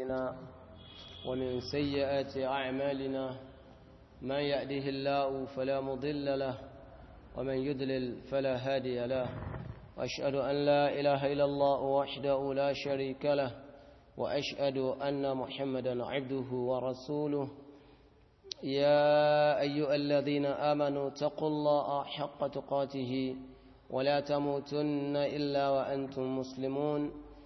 أنفسنا ومن سيئات أعمالنا من يأده الله فلا مضل له ومن يدلل فلا هادي له وأشهد أن لا إله إلا الله وحده لا شريك له وأشهد أن محمدا عبده ورسوله يا أيها الذين آمنوا اتقوا الله حق تقاته ولا تموتن إلا وأنتم مسلمون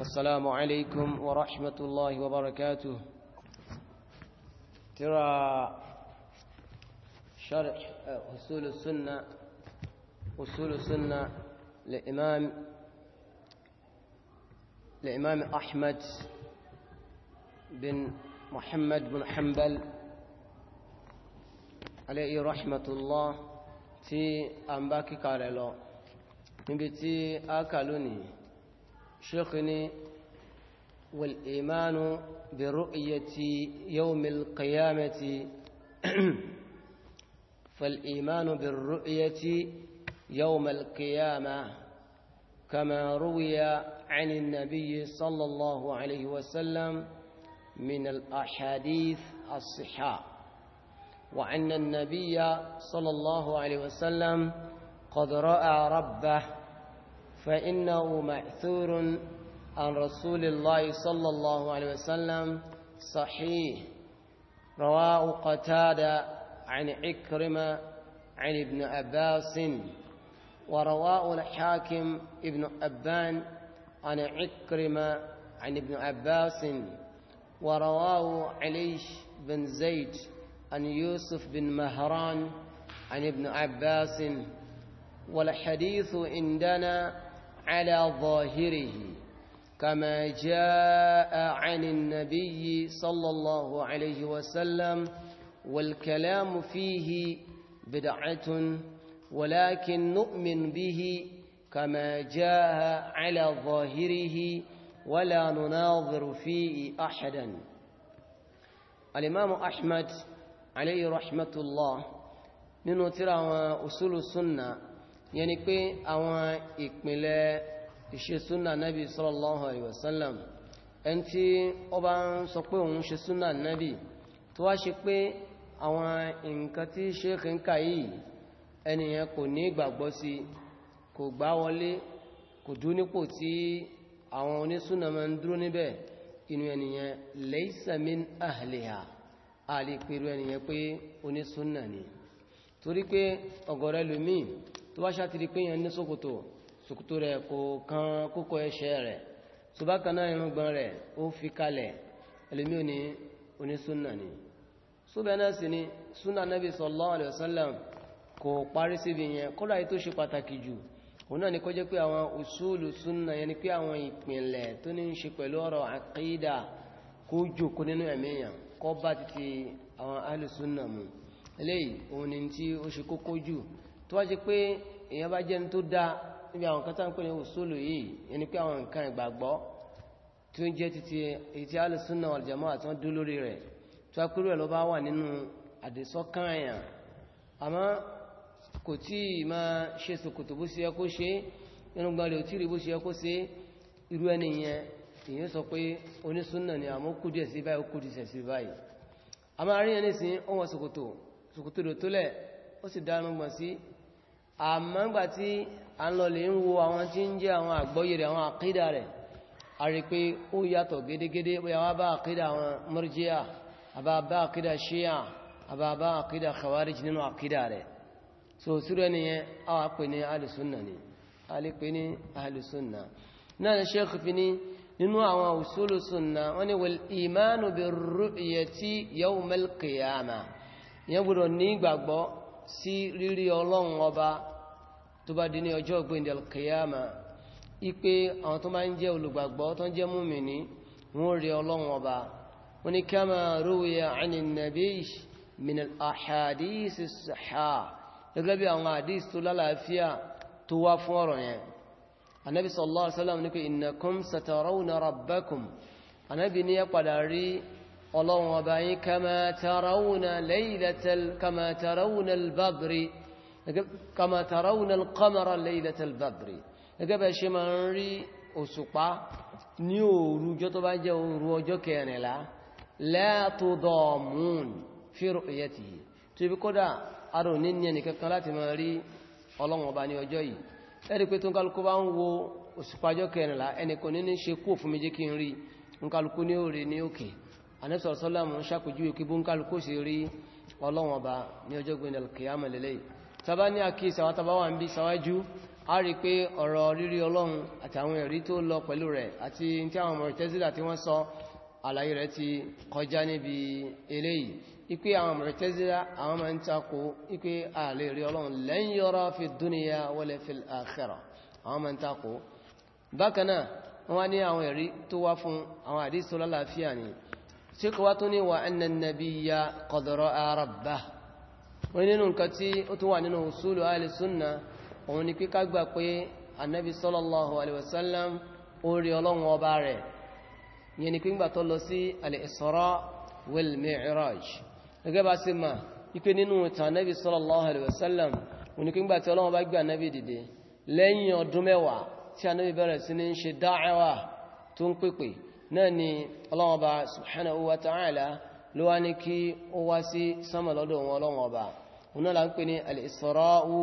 السلام عليكم ورحمة الله وبركاته ترى شرح آه، أصول السنة أصول السنة لإمام لإمام أحمد بن محمد بن حنبل عليه رحمة الله تي أمباكي كارلو نبي تي آكالوني شيخني والإيمان برؤية يوم القيامة فالإيمان بالرؤية يوم القيامة كما روي عن النبي صلى الله عليه وسلم من الأحاديث الصحاء وعن النبي صلى الله عليه وسلم قد رأى ربه فإنه مأثور عن رسول الله صلى الله عليه وسلم صحيح رواه قتادة عن عكرمة عن ابن عباس ورواه الحاكم ابن أبان عن عكرمة عن ابن عباس ورواه عليش بن زيد عن يوسف بن مهران عن ابن عباس والحديث عندنا على ظاهره كما جاء عن النبي صلى الله عليه وسلم والكلام فيه بدعة ولكن نؤمن به كما جاء على ظاهره ولا نناظر فيه أحدا الإمام أحمد عليه رحمة الله من ترى أصول السنة yẹn ni pé àwọn ìpìlẹ̀ ìṣe súnà nábì sallallahu alaihi wasallam ẹni tí ó bá ń sọ pé òun ṣe súnà nábì tó wá ṣe pé àwọn nǹkan tí ṣéèkì ń kà yìí ẹnìyàn kò ní ìgbàgbọ́ sí kò gbá wọlé kò dúró nípò tí àwọn onísúnà máa ń dúró níbẹ̀ inú ẹnìyàn laysa min àlè pẹ̀lú ẹnìyàn pé onísúnà ni torí pé ọ̀gọ̀rẹ́ lómi tó bá ṣàtìrí pé yẹn ní ṣòkòtò ṣòkòtò rẹ̀ kò kan kókó ẹsẹ̀ rẹ̀ tó bá kan náà irùngbọ̀n rẹ̀ ó fi kalẹ̀ ẹlòmí ò onísúnà ni ṣúbẹ̀ náà sì ni súnà Nabi sallallahu alaihi wasallam kò parí síbi yẹn kódà yìí tó ṣe pàtàkì jù òun náà ni kó jẹ́ pé àwọn usulu súnà yẹn ni pé àwọn ìpìnlẹ̀ tó ní ń ṣe pẹ̀lú ọ̀rọ̀ àkídà kó jòkó nínú ẹ̀mí èèyàn kó bá títí àwọn alùsúnà mu eléyìí òun ni tí ó ṣe kókó jù tó wá ṣe pé èyàn bá jẹ́ ní tó dáa níbi àwọn kan tánkò ní òṣòlò yìí ẹni pé àwọn nǹkan ìgbàgbọ́ tí ó jẹ́ títí ètí alùsùnà ọ̀lùjàmọ́ àti wọ́n dú lórí rẹ̀ tó akúrò ẹ̀ lọ bá wà nínú àdìsọ́kàn èèyàn àmọ́ kò tí ì máa ṣe ni àmọ́ kú díẹ̀ sí báyìí ó kú díẹ̀ sí báyìí àmọ́ àríyàn nísìnyí ó wọ sòkòtò sì dá irúgbọ́n sí àmọ́gbà tí a ń lọlẹ̀ ń wo àwọn tí ń jẹ́ àwọn àgbọ́yẹ̀ rẹ̀ àwọn àkídà rẹ̀ a rí pé ó yàtọ̀ gédégédé bóyá wá bá àkídà àwọn murji'a àbá bá àkídà shia àbá bá àkídà khawarij nínú àkídà rẹ̀ so sírẹ́ niyẹn a wá pè ní alìsúnnà ni a lè pè ní alìsúnnà náà àwọn usulu wọ́n ni wal imanu bir ru'yati yawm al qiyamah ìyẹn gbọ́dọ̀ ní ìgbàgbọ́ sí rírí ọlọ́run ọba tó bá di ní ọjọ́ ìgbéǹdẹ̀ kìyàmà ipe àwọn tó máa ń jẹ́ olùgbàgbọ́ tó ń jẹ́ múmìnì wọ́n rí ọlọ́run ọba wọ́n ni kama ruwiya ani nabi min al-ahadis as-sahha gẹ́gẹ́ bí àwọn hadis tó lálàáfíà tó wá fún ọ̀rọ̀ yẹn anabi sallallahu alaihi wasallam ní ọlọ́run ọba yín kama tarawna laylatal kama tarawna al kama tarawna al-qamara laylatal badri gẹ́gẹ́ bẹ́ ṣe máa ń rí òṣùpá ní òru ọjọ́ tó bá jẹ́ òru ọjọ́ kẹrìnlá la tudammun fi ru'yatihi tó ibi kódà arò ní ní ẹnìkankan láti máa rí Ọlọ́run Ọba ní ọjọ́ yìí ẹ̀rí pé tó ń kálukú bá ń wo òṣùpá ọjọ́ kẹrìnlá ẹnìkan ní ní ṣe kú òfin méjì kí n rí ń kálukú ní òrè ní òkè anẹ́sọ̀rọ̀sọ́lá mọ̀ ń ṣàpèjúwe kí bó ń kálukú sì rí Ọlọ́run Ọba ní ọjọ́ gbẹ̀ndẹ̀lẹ̀ kìyàmọ̀ lélẹ́yìí tàbá ní àkíyèsí àwọn tàbá wà ń bí sáwájú a rí pé ọ̀rọ̀ rírí ọlọ́run àtàwọn ẹ̀rí tó lọ pẹ̀lú rẹ̀ àti tí àwọn Mu'tazila tí wọ́n sọ àlàyé rẹ̀ ti kọjá níbi eléyìí ipé àwọn Mu'tazila àwọn máa ń takò ipé àlè rí ọlọ́run lan yara fi dunya wala fil akhirah àwọn máa ń takò bákanáà tó ní wà annan nabiyya qad ra'a wọ́n nínú nǹkan tí ó tó wà nínú usulu ahli sunna òun ni kíká gbà pé annabi sallallahu alaihi wasallam orí ọlọ́run ọba rẹ̀ yẹn ni pínpà tó lọ sí al-Isra wal-Mi'raj gẹ́gẹ́ bá sí ma ipé nínú ìtàn annabi sallallahu alaihi wasallam òun ló wá ní kí ó wá sí sánmà lọ́dọ̀ wọn ọlọ́wọ̀n ọba wọn náà la ń pè ní al-Isra'u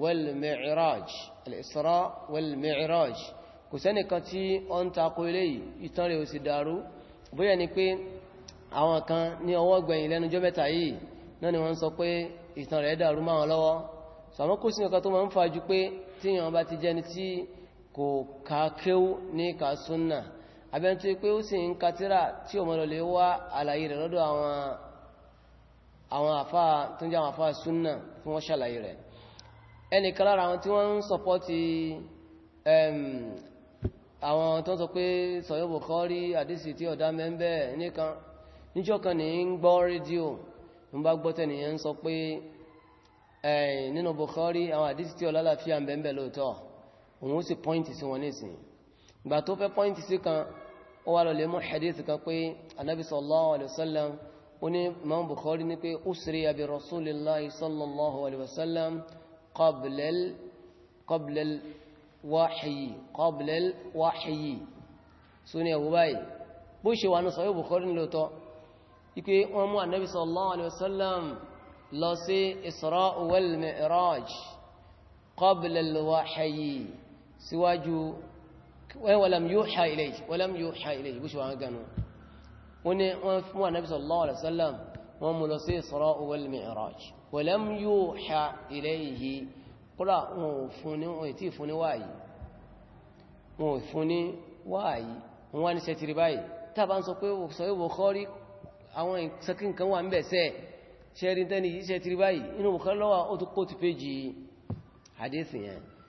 wal-Mi'raj al-Isra wal-Mi'raj kò sẹ́nìkan tí ó ń takò ilé ìtàn rẹ̀ ò sì dàrú bóyá ni pé àwọn kan ní ọwọ́ gbẹ̀yìn lẹ́nu mẹ́ta yìí náà ni wọ́n sọ pé ìtàn rẹ̀ dàrú máa lọ́wọ́ sàmọ́ kó sí ọkà tó máa ń fàájú pé tíyàn bá ti jẹni tí kò kàákéwú ní kàásúnnà abẹ́ntí pé ó sì ń katira tí o mọ́ lè wá àlàyé rẹ̀ lọ́dọ̀ àwọn àfá tó ń jẹ́ àwọn àfá súnnà fún wọ́n ṣàlàyé rẹ̀ ẹnìkan lára àwọn tí wọ́n ń sọpọ́tì àwọn tó ń sọ pé sọ̀yọ́ Bukhari àdísì tí ọ̀dá mẹ́ńbẹ́ nìkan níjọ́ kan ní ń gbọ́ rédíò ń bá gbọ́ tẹ́nìyàn ń sọ pé nínú Bukhari àwọn àdísì tí ọ̀lá láfíà mẹ́ńbẹ́ lóòótọ́ òun ó sì pọ́ìntì sí wọn nísìnyí gbà tó fẹ́ pọ́ìntì sí kan ó wà lọ́lẹ̀ mú hadith kan pé anábi sallallahu alaihi wasallam ó ní imam bukhari ní pé usriya bi rasulillahi sallallahu alaihi wasallam qablal qablal wahyi qablal wahyi so ní ẹ̀wọ̀ báyìí bó ṣe wà ní sahih bukhari lóòtọ́ ipé wọ́n mú anábi sallallahu alaihi wasallam lọ sí walam yuha ilayhi walam yuha ilayhi bó ṣe wà gánú wọ́n ni wọ́n fún wa nabi sallallahu alaihi wasallam wọ́n mú lọ sí isra wal mi'raj walam yuha ilayhi kúrò wọn ò tí fún fún ní wáyìí wọ́n ní sẹ́tìrì báyìí tàbá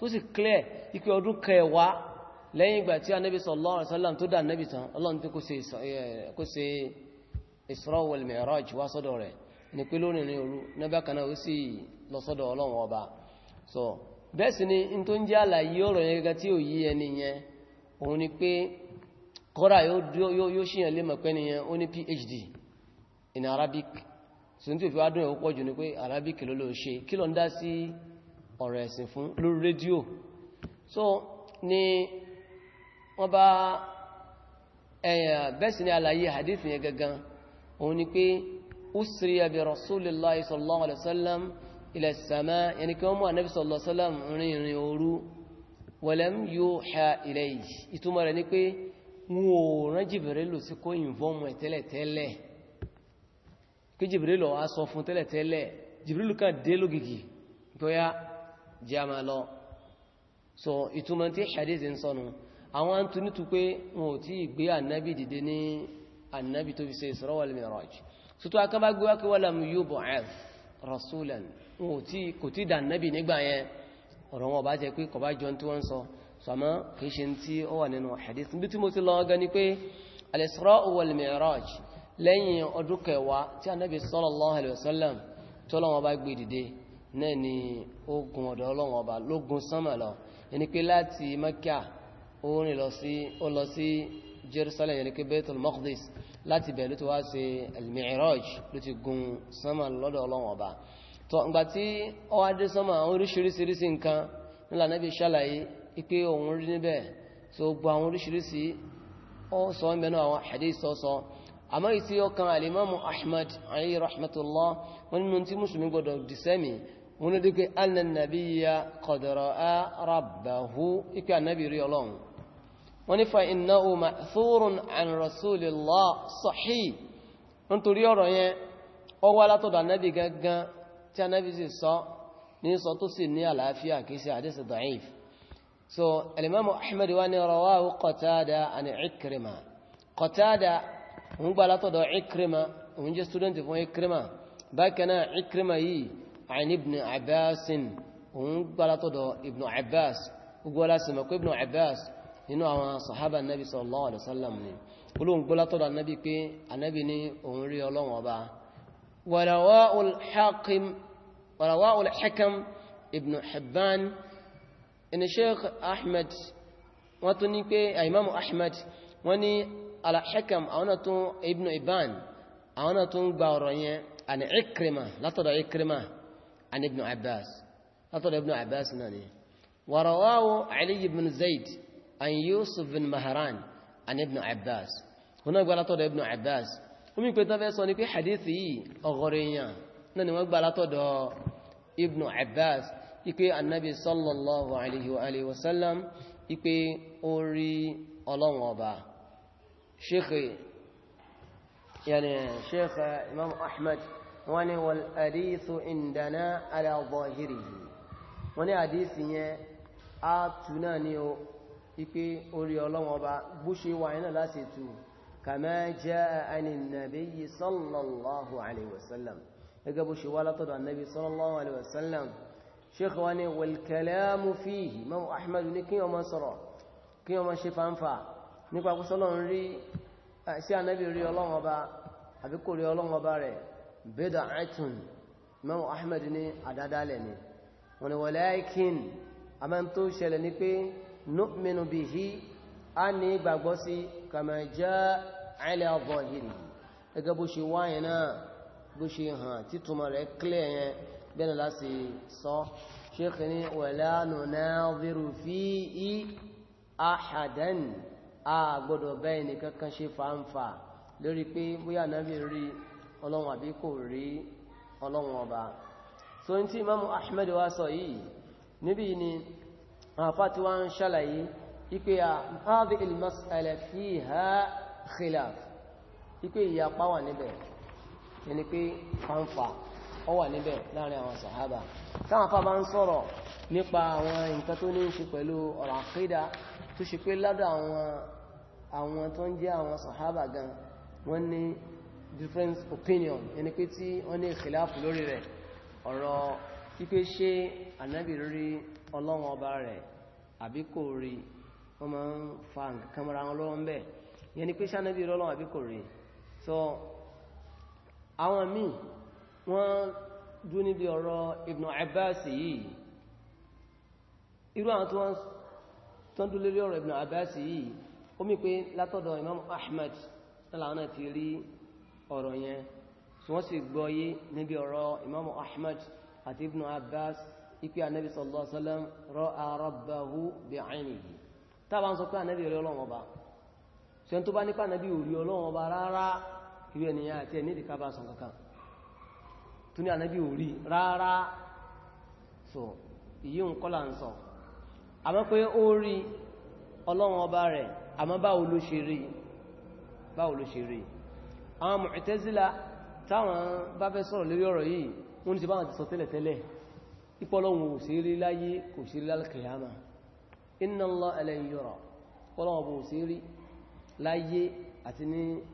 tó sì clear ipe ọdún kẹwàá lẹ́yìn ìgbà tí anábi sallallahu alaihi wasallam tó dá anábi tán ọlọ́run tí kó ṣe Isra wal Mi'raj wá sọ́dọ̀ rẹ̀ ní pé lónìí ní òru nẹ́bàkaná ó sì lọ sọ́dọ̀ ọlọ́run ọba so bẹ́ẹ̀ sì ni n tó ń jẹ́ àlàyé ọ̀rọ̀ yẹn gẹ́gẹ́ tí ò yí ẹni yẹn òun ni pé kọ́ra yóò lé ni PhD in Arabic so tí fi wá dún Arabic ló ṣe kí lọ ń ọ̀rọ̀ ẹ̀sìn fún lórí rédíò so ni wọ́n bá ẹ̀yàn bẹ́ẹ̀sì ní àlàyé hadith yẹn gangan òun ni pé usri abi rasulillahi sallallahu alaihi wasallam ila samaa yani kí wọ́n mú ànábì sallallahu alaihi wasallam rin ìrìn òru walam yuha ilayhi ìtumọ̀ rẹ̀ ni pé wọn ò rán Jibrilu sí kó ìnfọ́mù ẹ̀ tẹ́lẹ̀tẹ́lẹ̀ kí Jibrilu wá sọ fún tẹ́lẹ̀tẹ́lẹ̀ Jibrilu kan dé lógìgì gbọ́yá jẹ́ àmà lọ so ìtumọ̀ tí hadith ń sọnù àwọn ń tún nítú pé wọn ò tí gbé ànábì dìde ní ànábì tó fi ṣe Isra wal Miraj sótó akábá gbé wákí wà lámú yub'ath rasulan wọn ò tí kò tí dà ànábì nígbà yẹn ọ̀rọ̀ wọn bá jẹ́ pé kọ̀ bá jọ tí wọ́n sọ sọmọ́ kìí ṣe tí lẹ́yìn ọdún kẹwàá tí ànábì sallallahu alaihi wasallam tó lọ́wọ́ bá gbé dìde náà ni ogun ọ̀dọ̀ ọlọ́run ọba lógun sánmà lọ ẹni pé láti mẹ́kà ó rìn lọ sí ó lọ sí jerusalem ẹni pé bethel maqdis láti bẹ̀ ló ti wá ṣe al-mi'raj ló ti gun sánmà lọ́dọ̀ ọlọ́run ọba tó ǹgbà tí ó wá dé sánmà àwọn oríṣiríṣiríṣi nǹkan nílà náà bí ṣàlàyé pé òun rí níbẹ̀ tó gba àwọn oríṣiríṣi ó sọ ń bẹnu àwọn hadith sọ àmọ́ ìtí ọkàn alimamu ahmad alayhi rahmatullah wọn nínú tí mùsùlùmí gbọdọ̀ dìsẹ́mì wọn ló dúkẹ́ annannabiya kọ̀dọ̀rọ̀ a rabbahu ikẹ́ annabi rí ọlọ́run wọ́n ní fa iná o ma fúrun an rasulillah sọ̀hí nítorí ọ̀rọ̀ yẹn ó wá látọ̀dọ̀ annabi gangan tí annabi sì sọ ní sọ tó sì ní àlàáfíà kìí sí àdísì da'if so alimamu ahmed wa ni rawahu qatada an ikrima qatada òun gbà látọ̀dọ̀ ikrima òun jẹ́ student fún ikrima bákan náà ikrima yìí عن ابن عباس ونقلت ابن عباس وقال سمك ابن عباس nínú àwọn sàhábà nàbí sallallahu alaihi wasallam ni olóhun gbọ́lá tọ́dọ̀ annabi pé annabi ní òun rí ọlọ́wọ̀n ọba wàràwá al-hakam ibn hibban inú sheikh ahmed wọ́n tún ní pé imamu ahmed wọ́n ní al-hakam àwọn tún ibn hibban àwọn tún gba ọ̀rọ̀ yẹn àni ikrima látọ̀dọ̀ ikrima عن ابن عباس أطلع ابن عباس ناني ورواه علي بن زيد عن يوسف بن مهران عن ابن عباس هنا قال أطلع ابن عباس ومن كنت نفسه في حديثي أغريا ناني وقال أطلع ابن عباس ipe annabi sallallahu alaihi wa alihi wasallam ipe orí ọlọ́run ọba sheikh yani sheikh imam أحمد wọ́n ní wal hadithu indana ala zahirihi wọ́n ní àdísì yẹn á tù náà ní o ipé orí ọlọ́wọ́ bá búṣe wà iná láti tù kama jaa anin nabiyyi sallallahu alaihi wasallam gẹ́gẹ́ bó àbíkò rí ọlọ́wọ́ bá rẹ̀ bid'atun Imam Ahmad ní àdádálẹ̀ ni wọ́n ni walakin a máa tó ṣẹlẹ̀ ní pé nu'minu bihi a ní gbàgbọ́ sí kama jaa ala zahiri ẹgẹ́ bó ṣe wáyé náà bó ṣe hàn títúmọ̀ rẹ̀ kílẹ̀ yẹn lórí pé bóyá náà bí rí ọlọ́run àbí kò rí ọlọ́run ọba so n tí imamu ahmed wá sọ yìí níbi ni àfá tí wá ń ṣàlàyé ipé a hadhi al-mas'ala fiha khilaf ipé ìyapa wà níbẹ̀ ẹni pé fanfa ọ wà níbẹ̀ láàrin àwọn sàhábà táwọn bá ń sọ̀rọ̀ nípa àwọn nǹkan tó ní ṣe pẹ̀lú ọ̀rọ̀ àkídà tó ṣe pé ládọ̀ àwọn tó ń jẹ́ àwọn sàhábà gan wọ́n ní different opinion ẹni pé tí wọ́n ní ìkìláàpù lórí rẹ̀ ọ̀rọ̀ pípé ṣe ànábì rí ọlọ́run ọba rẹ̀ àbí kò rí wọ́n máa ń fa nǹkan mọ́ra wọn lọ́wọ́ ń bẹ̀ yẹn ni pé ṣe ànábì rí ọlọ́run àbí kò rí so àwọn míì wọ́n dúró níbi ọ̀rọ̀ Ibn Abasi. yìí irú àwọn tó wọ́n tó ń dúró lórí ọ̀rọ̀ Ibn Abasi. yìí ó mì pé látọ̀dọ̀ Imam Ahmad láwọn náà ti rí ọ̀rọ̀ yẹn tí wọ́n sì gbọ́yé níbi ọ̀rọ̀ imamu ahmad àti ibn abbas ipi anabi sallallahu alaihi wasallam ra'a rabbahu bi'ainihi tábà ń sọ pé anabi rí ọlọ́wọ́n ọba ṣe tó bá nípa anabi rí ọlọ́wọ́n ọba so ìyí ń kọ́là ń sọ àmọ́ pé ó rí ọlọ́wọ́n ọba rẹ̀ àmọ́ báwo ló ṣe rí báwo àwọn Mu'tazila táwọn bá fẹ́ sọ̀rọ̀ lórí ọ̀rọ̀ yìí wọ́n ní ti báwọn ti sọ tẹ́lẹ̀ tẹ́lẹ̀ ìpọlọ́wọ̀n ò sí rí láyé kò sí rí lálkìyàmà inna Allaha lan yura pọ́lọ́wọ̀n bó sí rí láyé àti ní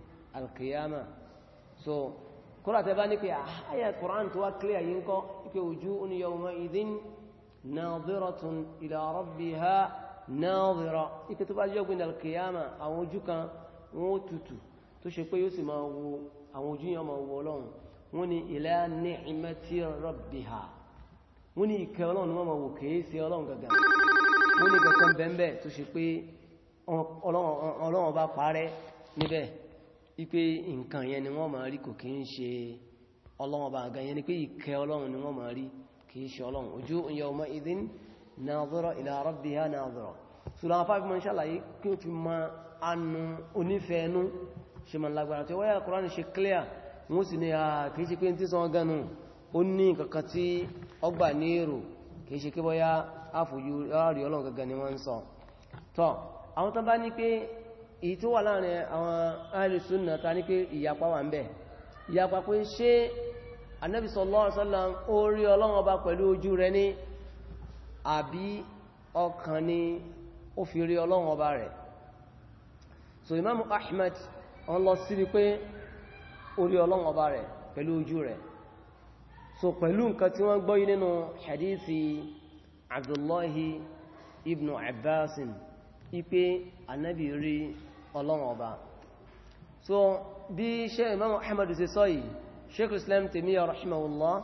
tó ṣe pé yóò sì máa wo àwọn ojú yẹn máa wo ọlọ́run wọ́n ni ila ni'mati rabbiha wọ́n ni ìkẹ́ ọlọ́run wọ́n máa wò kìí sí ọlọ́run gàgà wọ́n ni gẹ̀kan bẹ̀m̀bẹ̀ tó ṣe pé ọlọ́run bá parẹ́ níbẹ̀ wípé nǹkan yẹn ni wọ́n máa rí kò kí ń ṣe ọlọ́run bá gan yẹn ni pé ìkẹ́ ọlọ́run ni wọ́n máa rí kìí ṣe ọlọ́run ṣe ma lágbára tí wáyà kùránì ṣe clear wọ́n sì ní àkìí ṣe pé tí sọ gánú ó ní kankan tí ọgbà ní èrò kìí ṣe kí bọ́yá àfòjú rárí ọlọ́run gangan ni wọ́n ń sọ tọ́ àwọn tán bá ní pé èyí tó wà láàrin àwọn alìsúnà ta ní pé ìyapa wà ń rí ọlọ́run ọkàn ni ó fi rí ọlọ́run ọba rẹ̀ so Imam Ahmad wọ́n lọ síbi pé orí ọlọ́run ọba rẹ̀ pẹ̀lú ojú rẹ̀ so pẹ̀lú nǹkan tí wọ́n gbọ́yí nínú hadithi abdullahi ibn abbasin ipé anabi rí ọlọ́run ọba so bí iṣẹ́ imam ahmadu ṣe sọ yìí sheikh islam tèmíyà rahimahullah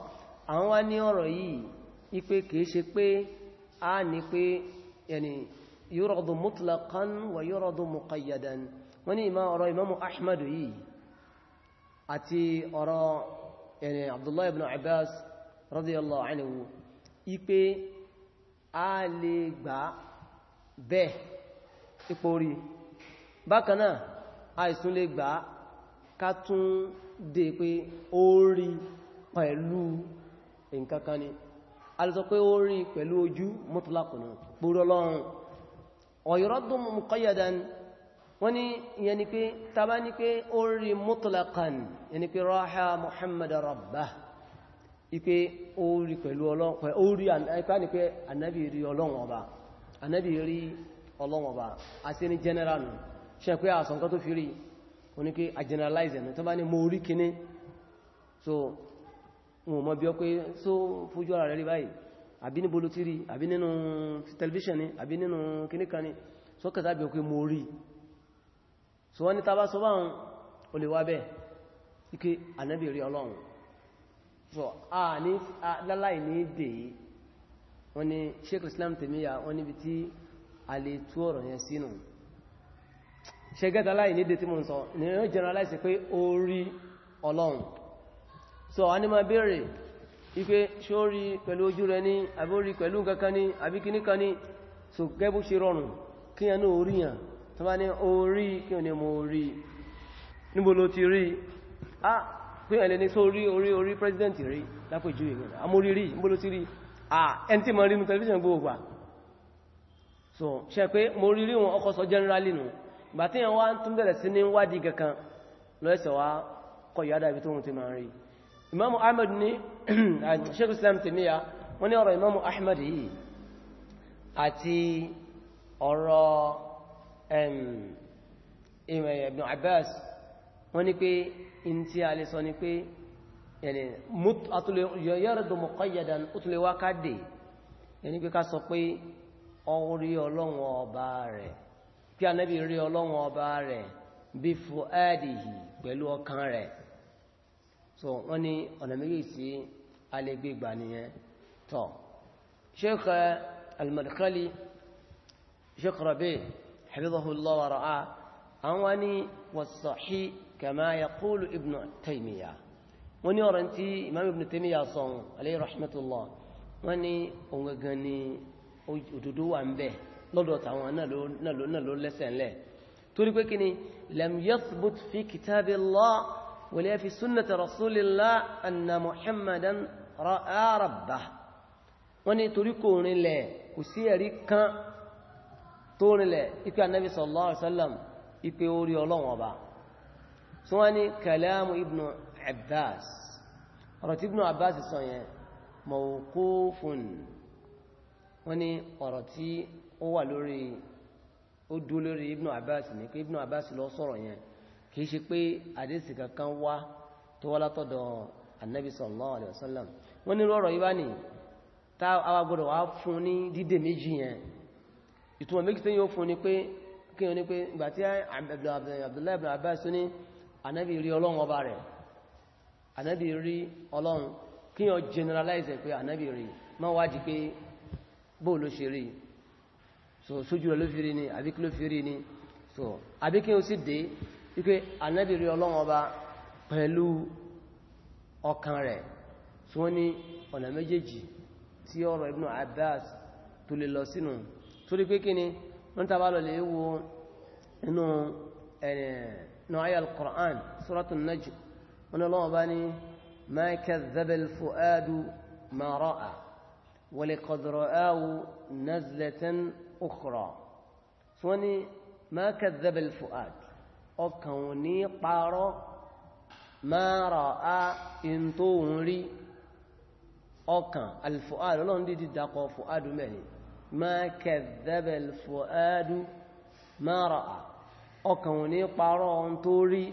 àwọn wá ní ọ̀rọ̀ yìí ipé kìí ṣe pé a ní pé yani yuradu mutlaqan wa yuradu muqayyadan wọ́n ní ìmá ọ̀rọ̀ imamu ahmadu yìí àti ọ̀rọ̀ ẹni abdullahi ibn abbas radiyallahu anhu ipé a lè gbà bẹ́ẹ̀ ipò rí bákanáà àìsùn lè gbà ká tún dé pé ó rí pẹ̀lú nǹkankan ni a lè sọ pé ó rí pẹ̀lú ojú mutlaqun pòrò lọ́rùn ọ̀yọ́rọ̀dún wọ́n ní ìyẹn ni pé tàbá ní pé ó rí mutlaqan ìyẹn ni pé ráhá Muhammad rabbah ipé ó rí pẹ̀lú ọlọ́pẹ̀ ó rí ipá ní pé anábì rí ọlọ́run ọba anábì rí ọlọ́run ọba àti ní general nù ṣe mo so mo mọ́ bí ọ so fojú ara rẹ̀ rí báyìí àbí ní bolo tí rí àbí nínú television ni àbí nínú kíníkan ni so kẹta bí ọ pé mo rí so wọ́n ni tàbá sọ báhùn o lè wá bẹ́ẹ̀ ike ànábì rí ọlọ́run so a ní láláì ní dè wọ́n ni sheikh islam tèmíyà wọ́n níbi tí a lè tú ọ̀rọ̀ yẹn sínú ṣe láì ní dè tí mo ń sọ ni yóò generalize pé ó rí ọlọ́run so a ní ma béèrè ike ṣó rí pẹ̀lú ojú rẹ ní àbí ó rí pẹ̀lú kankan ní àbí ní so gẹ́bù ṣe rọrùn kíyàn náà oríyàn tó bá ní orí kí o ní mo rí níbo ló ti rí ah pé ẹ̀lẹ́ ní só rí orí orí president rí lápòjú ìgbẹ̀rẹ̀ amórí rí níbo ló ti rí ah ẹn tí mo rí ní television gbogbo so ṣe pé mo rí rí wọn ọkọ̀ sọ generally nù ìgbà tí yẹn wá tún bẹ̀rẹ̀ sí ní wádìí kankan lọ́ẹ̀sẹ̀ wá kọ ahmed ní sheikh islam tèmíyà wọ́n ní ọ̀rọ̀ imam ahmed ọ̀rọ̀ Ibn Abbas wọ́n ní pé in tí a lè sọ ní pé yẹni yọ́rọ̀dọ̀ mọ̀kọ́yẹ̀dà òtúlé wákàdé yẹni pé ká sọ pé ọ rí ọlọ́run ọba rẹ̀ kí anábì rí ọlọ́run pẹ̀lú ọkàn rẹ̀ so wọ́n ní ọ̀nà méjì sí alẹ́gbẹ̀gbà nìyẹn tọ́ Sheikh al حفظه الله ورعاه أواني والصحي كما يقول ابن تيمية وني أنتي إمام ابن تيمية صون عليه رحمة الله وني أغني أدودو أمبه لدو تعوان نلو نلو نلو لسان له تقول كني لم يثبت في كتاب الله ولا في سنة رسول الله أن محمدا رأى ربه وني تقول كوني له وسيري كان tó rinlẹ̀ ipe anabi sallallahu alaihi wasallam ipe orí ọlọ́run ọba tí wọ́n ní kalamu ibn abbas ọ̀rọ̀ tí ibn abbas sọ yẹn mawqufun wọ́n ní ọ̀rọ̀ tí ó wà lórí ó dúró lórí ibn abbas ní pé ibn abbas ló sọ̀rọ̀ yẹn kìí ṣe pé àdéṣì kankan wá tó wá látọ̀dọ̀ annabi sallallahu wọ́n ní lọ́rọ̀ yìí bá ní tá a wá gbọ́dọ̀ wá fún ní dídè méjì yẹn ìtumọ̀ méjì tí yóò fún ni pé kí o ní pé ìgbà tí Abdullahi ibn Abbas ní anábì rí ọlọ́run ọba rẹ̀ anábì rí ọlọ́run kí o generalize pé anábì rí ma wájí pé bóò ṣe rí so sójú rẹ̀ ló fi rí ni àbí kí ló fi rí ni so àbí kí o sì dé wípé anábì rí ọlọ́run ọba pẹ̀lú ọkàn rẹ̀ tí wọ́n ní ọ̀nà méjèèjì tí ọ̀rọ̀ Ibn Abbas tó lè lọ sínú torí pé kíni wọ́n tàbá lọ lè wo inú ẹ̀nà al-Qur'an Suratul Najm wọn lọ́wọ́ bá ní ma kadhaba al-fu'adu ma ra'a wa laqad ra'ahu nazlatan ukhra wọ́n ni ma kadhaba al-fu'ad ọkàn wọn ní parọ́ ma ra'a in tó ń rí ọkàn al-fu'ad ọlọ́run dídí ما كذب الفؤاد ما رأى ọkàn ò ní parọ́ ohun tó rí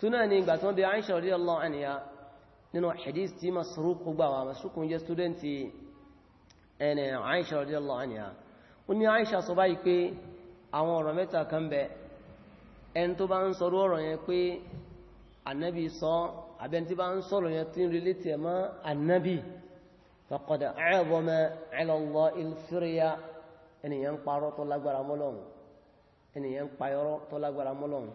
súnà ní ìgbà tó ń bí Aisha radiyallahu anha nínú hadith tí Masruq gbà wà Masruq ń jẹ́ stúdẹ́ntì ẹni Aisha radiyallahu anha ó ní Aisha sọ báyìí pé àwọn ọ̀rọ̀ mẹ́ta kan bẹ ẹni tó bá ń sọrú ọ̀rọ̀ yẹn pé Ànábì sọ àbẹ́ntí bá ń sọ̀rọ̀ yẹn tí ń relé tiẹ̀ mọ́ Ànábì فقد عظم على الله الفريا ẹni yẹn ń parọ́ tó lágbára mọ́lọ́run ẹni yẹn ń payọ́rọ́ tó lágbára mọ́lọ́run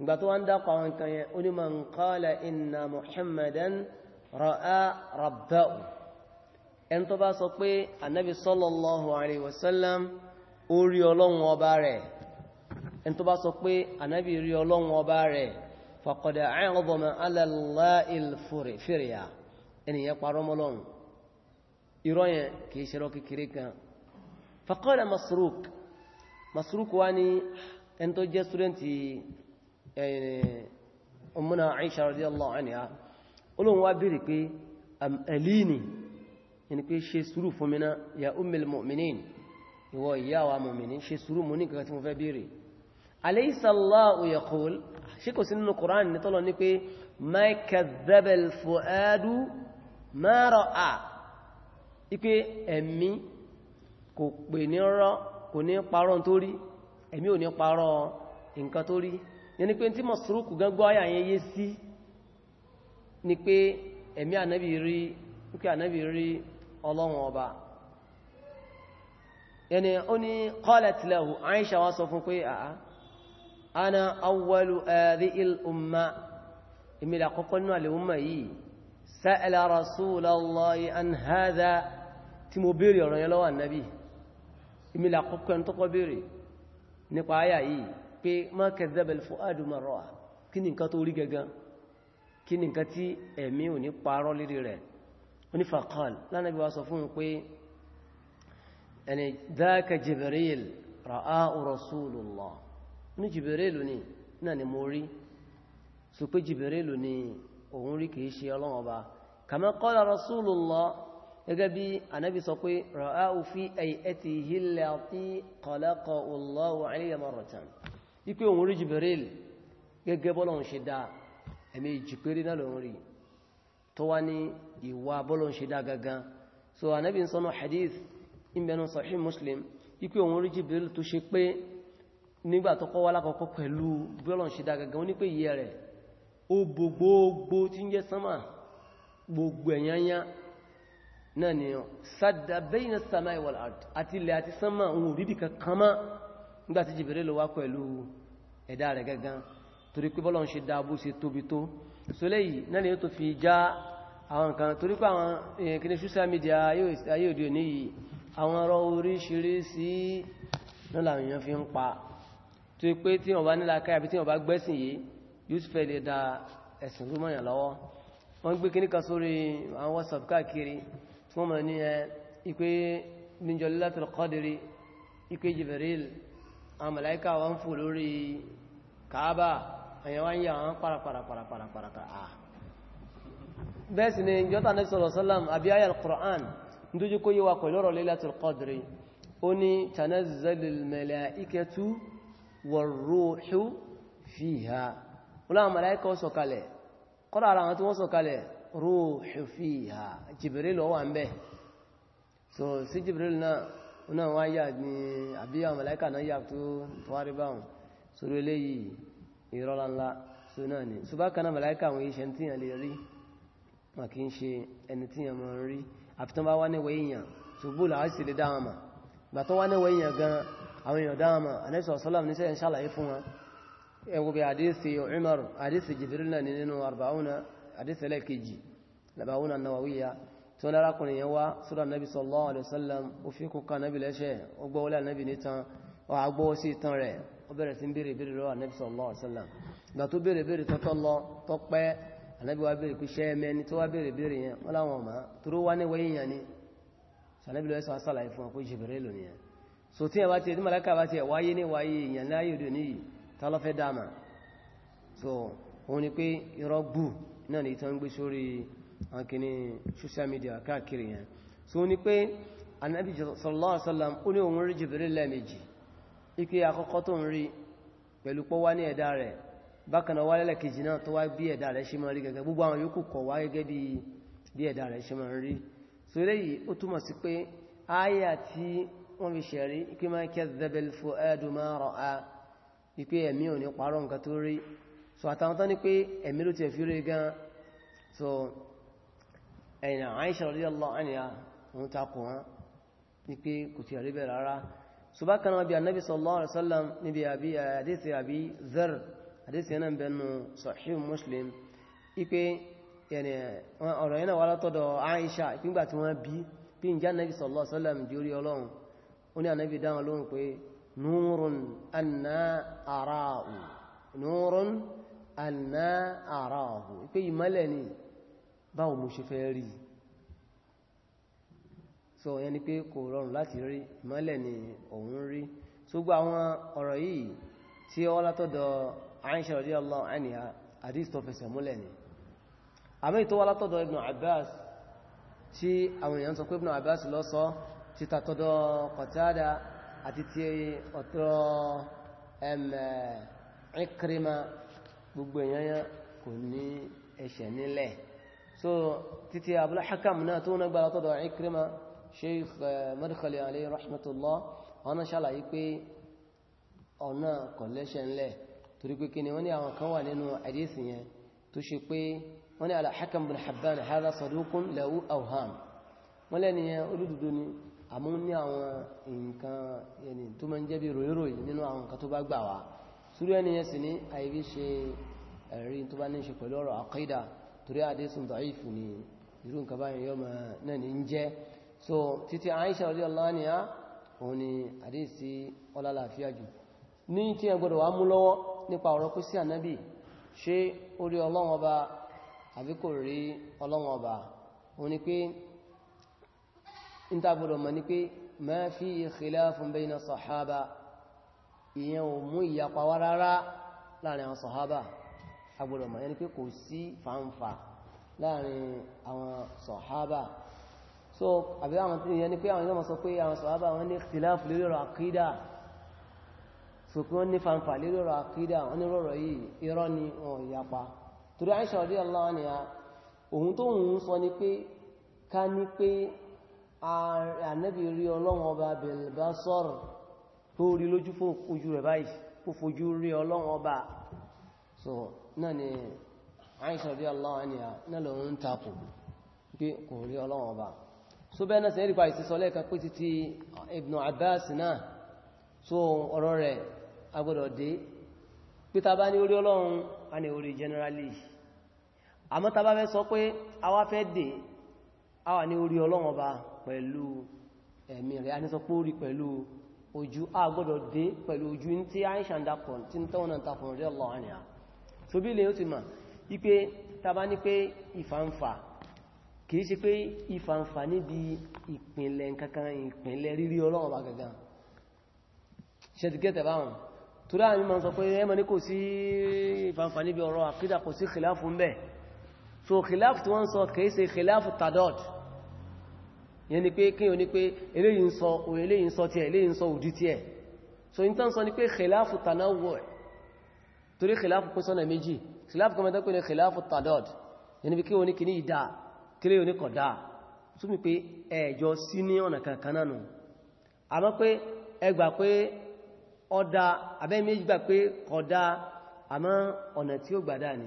ìgbà tó wá ń dákọ̀ àwọn nǹkan yẹn ó ní man qala inna muhammadan ra'a rabbahu ẹni tó bá sọ pé annabi sallallahu alaihi wasallam ó rí ọlọ́run ọba rẹ̀ ẹni tó bá sọ pé annabi rí ọlọ́run ọba rẹ̀ faqad 'azama ala Allahi al-firya ẹni yẹn parọ́ mọ́lọ́run ìrọ́yẹn kìí ṣe rọ́ kékeré gan faqala Masruq Masruq wá ní ẹni tó jẹ́ stúdẹ́ntì Ummuna Aisha radiyallahu anha olóhun wá bèèrè pé am alini yẹni pé ṣe sùúrù fún mi náà ya ummil mu'minin ìwọ ìyá wa mu'minin ṣe sùúrù mú ní kankan tí mo fẹ́ bèèrè alaysa Allahu yaqul ṣe kò sí nínú tọ́lọ ní pé ma kadhdhaba al-fu'adu ipé ẹ̀mí kò pè ní rọ́ kò ní parọ́ tó rí ẹ̀mí ò ní parọ́ nǹkan tó rí yẹni pé tí mọ̀sùrùkù gángọ́ ayà yẹn yé sí ni pé ẹ̀mí ànábì rí wípé ànábì rí ọlọ́run ọba yẹni ó ní qalat lahu Aisha wá sọ fún pé àá ana awwalu adhi'il umma ìmìlà kọ́kọ́ nínú àlè umma yìí sa'ala rasulallahi an hadha tí mo béèrè ọ̀rọ̀ yẹn lọ́wọ́ ànábì ìmìlà kọ́kọ́ ẹni tọ́kọ́ béèrè nípa ayà yìí pé ma kadhabal fuadu ma ra'a kí ni nǹkan tó rí gangan kí ni nǹkan tí ẹ̀mí ò ní parọ́ lérí rẹ̀ onífàkọ́l lánàbí wa sọ fún un pé ẹni dáka Jibril ra'ahu Rasulullah ní gẹ́gẹ́ bí anábi sọ pé ra'áhù fi ẹ̀yẹ́tì hílẹ̀ tí kọ̀lọ́kọ̀ Allahu alayhi marratan ipé òun rí Jibril gẹ́gẹ́ bọ́lọ̀un ṣe dá ẹ̀mí jìpérí náà lòun rí tó wá ní ìwà bọ́lọ̀un ṣe dá gangan so anábi ń sọ́nà hadith ìmẹ́nu Sahih Muslim ipé òun gbogbo tí náà ni sadda bayna samai wal ard àti ilẹ̀ àti sánmà ohun òdídì kankan mọ́ nígbàtí jìbìrì lọ wá pẹ̀lú ẹ̀dá rẹ̀ gangan torí pé bọ́lọ̀ ń ṣe dáàbò ṣe tóbi tó so léyìí náà ni ó tó fi já àwọn nǹkan torí pé àwọn media ayé òde òní yìí àwọn ọ̀rọ̀ oríṣiríṣi náà pa tó pé tí wọ́n bá nílá káyà bí tí wọ́n bá gbẹ́sìn yìí yóò fẹ́ lè da wọ́n ma ní ẹ ipé níjọ Lailatul Qadri ipé Jibril àwọn màláíkà wọ́n fò lórí Kaaba àyẹ̀wá ń yà wọ́n paraparaparapara ah. bẹ́ẹ̀ sì ni jọta ní sọ̀rọ̀sọ́lám àbí ayà al-Qur'an ndójú kó yíwa pẹ̀lú ọ̀rọ̀ Lailatul Qadri ó ruhu fiha Jibril ló wà ń bẹ̀ so sí Jibril náà náà wá yà ní àbí àwọn màláíkà náà yà tó wárí báwọn sórí eléyìí ìrọ́lá ńlá so náà ni so bákan náà màláíkà àwọn iṣẹ́ tí yàn lè rí ma kí ń ṣe ẹni tí yàn máa rí àfitán bá wá ní wẹ̀yìn ṣùgbọ́n làá sì lè dáhùn mà gbà tó wá àdísẹ̀lẹ̀ kejì labawuna nawawiya tí wọ́n lárakùnrin yẹn wá sọ́dọ̀ nabi sallallahu alaihi wasallam ó fi kúkà nabi lẹ́ṣẹ́ ó gbọ́ wọlé nabi ní tan ó agbọ́ sí tan rẹ̀ ó bẹ̀rẹ̀ sí béèrè béèrè lọ́wọ́ nabi sallallahu alaihi wasallam gbà tó béèrè béèrè tọ́tọ́ lọ tọ́ pẹ́ anabi wa béèrè pé ṣẹ́ mẹ́ni tó wá béèrè béèrè yẹn wọ́n láwọn ọ̀mà tóró wá ní wẹ́yìn yẹn ni sanabi so tí ẹ̀bá ti òun ni pé irọ́ náà ni tán gbé sórí akíní social media káàkiri yẹn so ní pé anábi sallallahu alaihi wasallam ó ní òun rí Jibril lẹ́ẹ̀mejì ike àkọ́kọ́ tó ń rí pẹ̀lú pọ́ wá ní ẹ̀dá rẹ̀ bákanáà wá lẹ́lẹ́kejì náà tó wá bí ẹ̀dá rẹ̀ ṣe máa rí gẹ́gẹ́ gbogbo àwọn yòókù kọ̀ wá gẹ́gẹ́ bí so àtàwọn tán ní pé ẹ̀mí ló ti ẹ̀fí rí gan so ẹ̀yìn Aisha radiyallahu anha wọ́n takò wọn ní pé kò ti rí bẹ̀rẹ̀ rárá so bá kanáà bí annabi sallallahu alaihi wasallam níbi àbí àdísì àbí zar àdísì yana bẹnu sahih muslim ipe ọ̀rọ̀ yana wà látọ̀dọ̀ Aisha ìpíngbà tí wọ́n bí bí n jẹ́ annabi sallallahu alaihi nurun anna ara'u nurun àná àrà ọ̀hún pé ìmọ́lẹ̀ ni báwo mo ṣe fẹ́ rí so ẹni pé kò rọrùn láti rí ìmọ́lẹ̀ ni òun rí so gbọ́ àwọn ọ̀rọ̀ yìí tí ó látọ́dọ̀ Aisha radiyallahu anha hadith tó fẹsẹ̀ múlẹ̀ ni àmì tó wá látọ́dọ̀ Ibn Abbas tí àwọn èèyàn sọ pé Ibn Abbas ló sọ ti tàtọ́dọ̀ Qatada àti ti ọ̀tọ́ Ikrima gbogbo ìyányá kò ní ẹ̀ṣẹ̀ nílẹ̀ so títí Abul Hakam náà tó náà gbára tọ́dọ̀ Ikrima Sheikh eh, Madkhali alayhi rahmatullah wọ́n náà ṣàlàyé pé ọ̀nà kọ̀lẹ́ṣẹ̀ ńlẹ̀ torí pé kíni wọ́n ní àwọn kan wà nínú àdísì yẹn tó ṣe pé wọ́n ní Al-Hakam bin Habban hadha saduqun lahu awham wọ́n lẹ́ni yẹn olúdúdú ni àmú sùúrù ẹniyẹn sì ní àìrí ṣe ẹ̀rí tó bá ní ṣe pẹ̀lú ọ̀rọ̀ àkídà torí àdéṣùn da'ífù ni irú nǹkan báyìí yọ́ náà ní jẹ́ so títí Aisha radiyallahu anha òun ni àdéṣì ọlálàáfíà jù ní tí ẹ gbọdọ̀ wá mú lọ́wọ́ nípa ọ̀rọ̀ kú sí ànábì ṣé ó rí Ọlọ́run ọba àbí kò rí Ọlọ́run ọba òun ni pé ìyẹn ò mú ìyapa wá rárá láàrin àwọn sọ̀hábà agbọ́dọ̀mọ̀ ẹni pé kò sí fàǹfà láàrin àwọn sọ̀hábà so àbí àwọn tí ìyẹn ni pé àwọn ìlọ́mọ̀ sọ pé àwọn sọ̀hábà wọ́n ní ìtìláàfù lórí ọ̀rọ̀ àkídà ni wọn ohun tó ń sọ ni pé ká ní pé ànábì rí ọlọ́run ọba bil basar tó rí lójú fún ojú rẹ̀ báyìí kó fojú rí ọlọ́run ọba so náà ni Aisha radiyallahu anha náà lòun ń tapò pé kò rí ọlọ́run ọba so bẹ́ẹ̀ náà sẹ́rí pàìsí sọ lẹ́ẹ̀kan pé títí Ibn Abbas náà so ọ̀rọ̀ rẹ̀ agbọ́dọ̀ dé pé ta bá ní orí ọlọ́run a ní orí generally àmọ́ ta bá fẹ́ sọ pé a wá fẹ́ dé a wà ní orí ọlọ́run ọba pẹ̀lú ẹ̀mí rẹ̀ a ní sọ pé orí pẹ̀lú ojú agbọ́dọ̀ dé pẹ̀lú ojú tí Aisha ń dapọ̀ tí ń tọ́wọ́n náà tapọ̀ rẹ̀ lọ àníyà so bí lè ó ti ma ipé tàbá ní pé ìfàǹfà kìí ṣe pé ìfàǹfà níbi ìpìnlẹ̀ kankan ìpìnlẹ̀ rírí ọlọ́ọ̀bà gangan ṣe ti gẹ́tẹ̀ báwọn tó dáa mi ma sọ pé ẹmọ so khilaf tí wọ́n yẹn ni pé kí o ní pé eléyìn sọ o eléyìn sọ tí ẹ̀ eléyìn sọ òdí tí ẹ̀ so in tán sọ ní pé khilafu tanawwu torí khilafu pín sọ́nà méjì khilafu kan mẹ́tọ́kùn ní tadad yẹn ni kí o ní kì ní ìdá kílé o ní kọ̀dá túnmí pé ẹ̀jọ sí ní ọ̀nà kankanánu àmọ́ pé ẹgbà pé ọ̀dá abẹ́ méjì gbà pé kọ̀dá àmọ́ ọ̀nà tí ó gbà dáa ni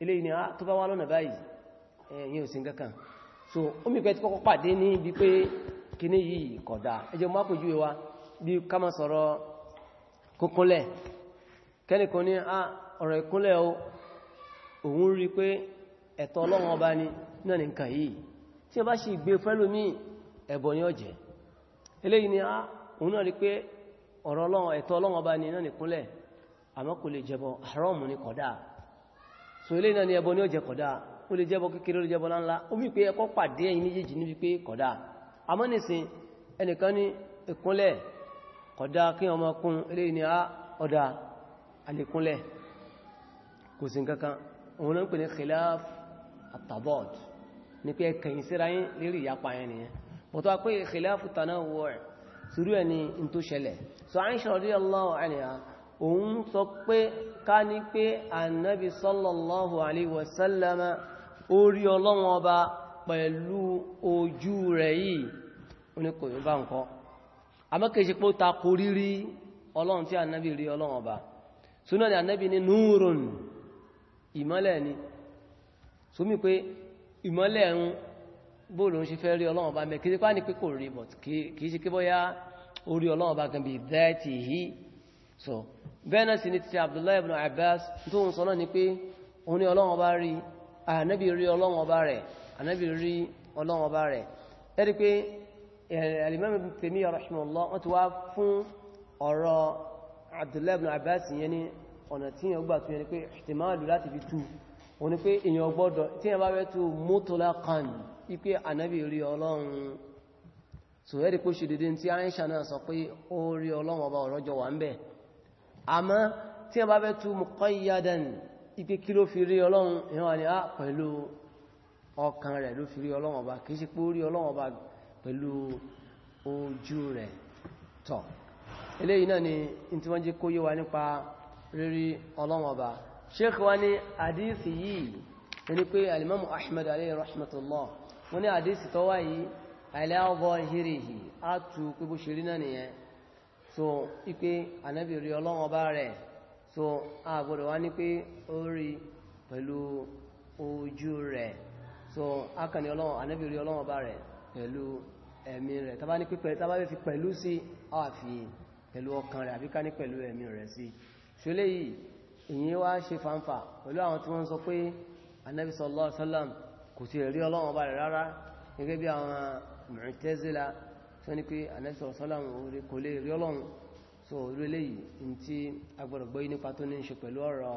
eléyìn ni kankan ah, so omi pẹ̀ tí kọ́kọ́ pàdé ní ibi pé kíní yìí kódà ẹjẹ́ mọ́ àpòjú wa bí ká má sọ̀rọ̀ kókúnlẹ̀ kẹ́nìkan ní ah, ọ̀rọ̀ ìkúnlẹ̀ òun rí pé ẹ̀tọ́ ọlọ́run ọba ni náà ní nǹkan ni ni ah, ni so ele náà ni ẹbọ ni ó ó lè jẹ́bọ kékeré ó lè jẹ́bọ láńlá ó wí pé ẹkọ́ pàdé ẹ̀yin méjèèjì níbi pé kódà àmọ́ nìsìn ẹnìkan ní ìkúnlẹ̀ kódà kí ọmọ kún atabod ní pé ẹkẹ̀yìn síra yín lérí ìyapa yẹn nìyẹn bọ̀tọ́ pé khilaf tanawu sùúrù ẹni tó ṣẹlẹ̀ so Aisha radiyallahu anha òun sọ pé ká ní pé annabi sallallahu alaihi wasallama ó rí ọlọ́run ọba pẹ̀lú ojú rẹ̀ yìí ó ní kò yóò bá nǹkan amẹ́kẹ̀ẹ́sẹ́ pé ó ta kò rírí ọlọ́run tí ànábì rí ọlọ́run ọba súnà ni ànábì ní núrùn ìmọ́lẹ̀ ni súnmí pé ìmọ́lẹ̀ ń bóòlù ń ṣe fẹ́ rí ọlọ́run ọba mẹ́kẹ́ pá ní pé kò so bẹ́ẹ̀ náà sì ni ti Abdullahi ibn Abbas tó ń sọ náà ni ọba rí ànábì rí ọlọ́run ọba rẹ̀ ànábì rí ọlọ́run ọba rẹ̀ ẹ̀rí pé al-Imam Ibn Taymiyyah rahimahullah wọ́n ti wá fún ọ̀rọ̀ Abdullah ibn Abbas yẹn ní ọ̀nà tí yẹn gbà tún yẹn pé ihtimalu láti fi tú o ní pé èyàn gbọ́dọ̀ tí yẹn bá fẹ́ tú mutlaqan ipé ànábì rí ọlọ́run so ẹ̀rí pé ṣe dédé tí Aisha náà sọ pé ó rí ọlọ́run ọba ọ̀rọ̀ jọ wà ń bẹ̀ àmọ́ tí yẹn bá fẹ́ tú muqayyadan ipé kí ló fi rí ọlọ́run ìran wà ní á ah, pẹ̀lú ọkàn rẹ̀ ló fi rí ọlọ́run ọba kìí sí pé ó rí ọlọ́run ọba pẹ̀lú ojú rẹ̀ tọ̀ eléyìí náà ni in tí wọ́n jẹ́ kó yé wa nípa rírí ọlọ́run ọba sheikh wa ní àdíìsì yìí ẹni pé alimamu ahmed rahmatullah wọ́n ní àdíìsì tó wá yìí aláwọ̀ híríhì á so ipé anábì rí ọlọ́run so a gbọ́dọ̀ wá ní pé ó rí pẹ̀lú ojú rẹ̀ so a kàn ní ọlọ́run ànábì rí ọlọ́run bá rẹ̀ pẹ̀lú ẹ̀mí rẹ̀ tàbá ní pípẹ̀ tàbá fi pẹ̀lú sí àfi pẹ̀lú ọkàn rẹ̀ àbíká ní pẹ̀lú ẹ̀mí rẹ̀ sí ṣúlé yìí ìyìn wá ṣe fanfà pẹ̀lú àwọn tí wọ́n sọ pé ànábì sallallahu alaihi wasallam kò sí rí ọlọ́run so irú eléyìí tí agbọ́dọ̀ gbọ́ nípa tó ní ṣe pẹ̀lú ọ̀rọ̀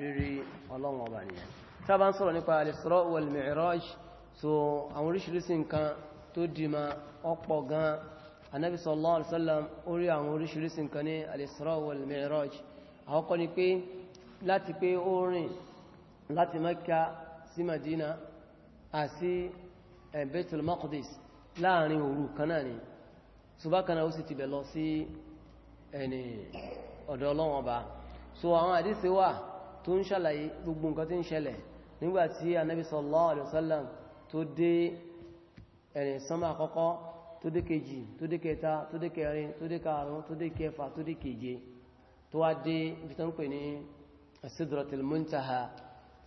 rírí ọlọ́run ọba nìyẹn tí a bá ń sọ̀rọ̀ nípa al-Isra wal-Mi'raj so àwọn oríṣiríṣi nǹkan tó di ma ọ̀pọ̀ gan Ànábì sallallahu alaihi wasallam ó rí àwọn oríṣiríṣi nǹkan ní al-Isra wal-Mi'raj àkọ́kọ́ ni pé láti pé ó rìn láti Mẹ́kà Madina àti eh, Baitul Maqdis láàrin òru kan náà ni ṣùgbọ́n kan náà ti bẹ̀ lọ sí ẹni ọ̀dọ̀ ọlọ́run ọba so àwọn àdísí wà tó ń ṣàlàyé gbogbo nǹkan tí ń ṣẹlẹ̀ nígbàtí anábi sallallahu alaihi wasallam tó dé ẹni sánmà àkọ́kọ́ tó dé kejì tó dé kẹta tó dé kẹrin tó dé karùn tó dé kẹfà tó dé keje tó wá dé ibi tó ń pè ní sidratul muntaha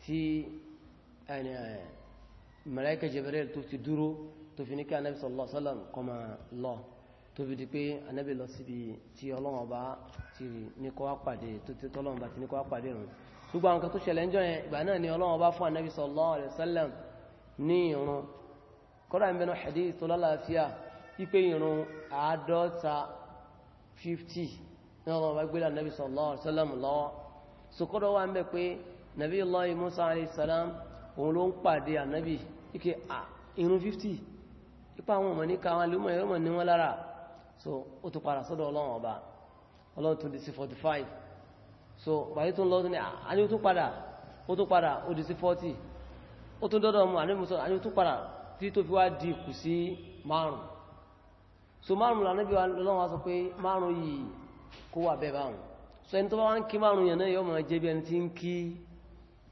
fi ẹni màláíkà Jibril tó ti dúró tó fi ní kí anábi sallallahu alaihi wasallam kọmọ lọ́ọ̀ tóbi di pé anábì lọ síbi tí ọlọ́wọ́n bá ti ní kó wá pàdé tó ti tọ́lọ́wọ́n bá ti ní kó wá pàdé rùn gbogbo àwọn kan tó ṣẹlẹ̀ ń jọ yẹn ìgbà náà ni ọlọ́wọ́n bá fún anábì sallallahu alaihi ní ìrun hadith tó lálàáfíà pípé ìrun àádọ́ta 50 ní ọlọ́wọ́n bá gbélé anábì sallallahu alaihi wasallam lọ́wọ́ so kọ́dọ̀ wá ń bẹ pé nàbí Allahi Musa alaihi salam òun ló ipa àwọn ọmọ ní káwọn lè mọ̀ so ó ti padà sọ́dọ̀ ọlọ́run ọba ọlọ́run tó di sí 45 so bàyí tó ń lọ ní àní ó tún padà ó tún padà ó di sí 40 ó tún dọ́dọ̀ ọmọ àní mùsọ̀ àní ó tún padà tí tó fi wá di kù sí márùn so márùn lànà bí ọlọ́run wá sọ pé márùn yìí kó wà bẹ́ẹ̀ báwọn so ẹni tó bá wá ń kí márùn yẹn náà yóò máa jẹ́ bí ẹni tí ń kí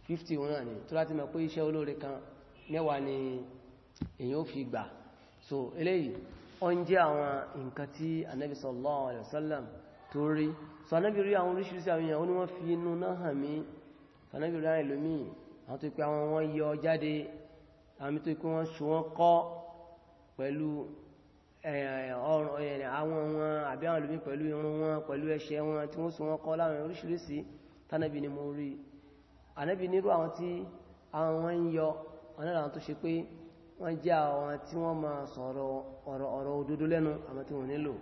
50 wọn náà ni tó láti mọ̀ pé iṣẹ́ olóore kan mẹ́wàá ni èèyàn ó fi gbà so eléyìí ọ́n jẹ́ àwọn nǹkan tí anábi sallallahu alaihi wasallam tó rí so anábi rí àwọn oríṣiríṣi àwọn èèyàn ó ní wọ́n fi inú náà hàn mí anábi rí àwọn ìlúmí àwọn tó pé àwọn wọ́n yọ jáde àmì tó pé wọ́n ṣù wọ́n kọ́ pẹ̀lú àwọn wọn àbí àwọn ìlúmí pẹ̀lú irun wọn pẹ̀lú ẹsẹ̀ wọn tí wọ́n ṣù wọ́n kọ́ láwọn oríṣiríṣi tánábi ni mo rí anábi nírú àwọn tí àwọn wọn ń yọ ọ̀nà àwọn tó ṣe pé wọ́n jẹ́ àwọn tí wọ́n ma sọ̀rọ̀ ọ̀rọ̀ òdodo lẹ́nu àmọ́ tí wọ́n nílò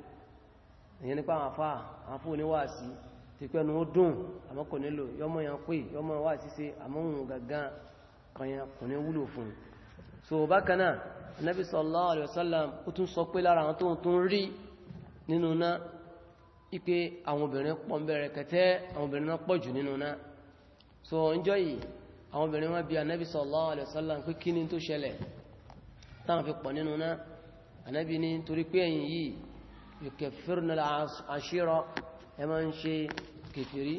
èyí nípa àwọn afá àfó oníwàásí ti pẹ́nu ó dùn àmọ́ kò nílò yọmọ yàn pé yọmọ wà síse àmọ́ òun gàgán kanyàn kò ní wúlò fún so bákanáà anábì sallallahu alaihi wasallam ó tún sọ pé lára àwọn tó ń tún rí nínú ná ipe àwọn so ń jọ yìí àwọn obìnrin sallallahu alaihi wasallam pé kí ni táwọn fi pọ̀ nínú náà anábi ní torí pé ẹ̀yìn yìí yukeffirna al-ashira ẹ máa ń ṣe kèfèrí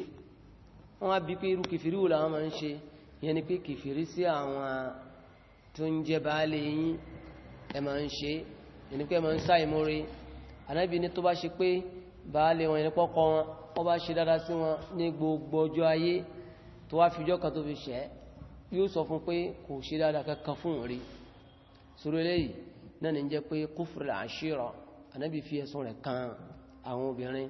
wọ́n á bí pé irú kèfèrí wò làwọn máa ń ṣe yẹn ni pé kèfèrí sí àwọn tó ń jẹ baálé yín ẹ máa ń ṣe yẹn ni pé ẹ máa ń ṣàìmórí anábi ní tó bá ṣe pé baálé wọn yẹn pọ́kọ wọn wọ́n bá ṣe dáadáa sí wọn ní gbogbo ọjọ́ ayé tó wá fìjọ́ kan tó fi ṣẹ́ yóò sọ fún pé kò ṣe dáadáa kankan fún òun rí sọ̀rọ̀ eléyìí náà ní jẹ́ pé kúfùrù àṣírọ anábì fi ẹ̀sùn rẹ̀ kan àwọn obìnrin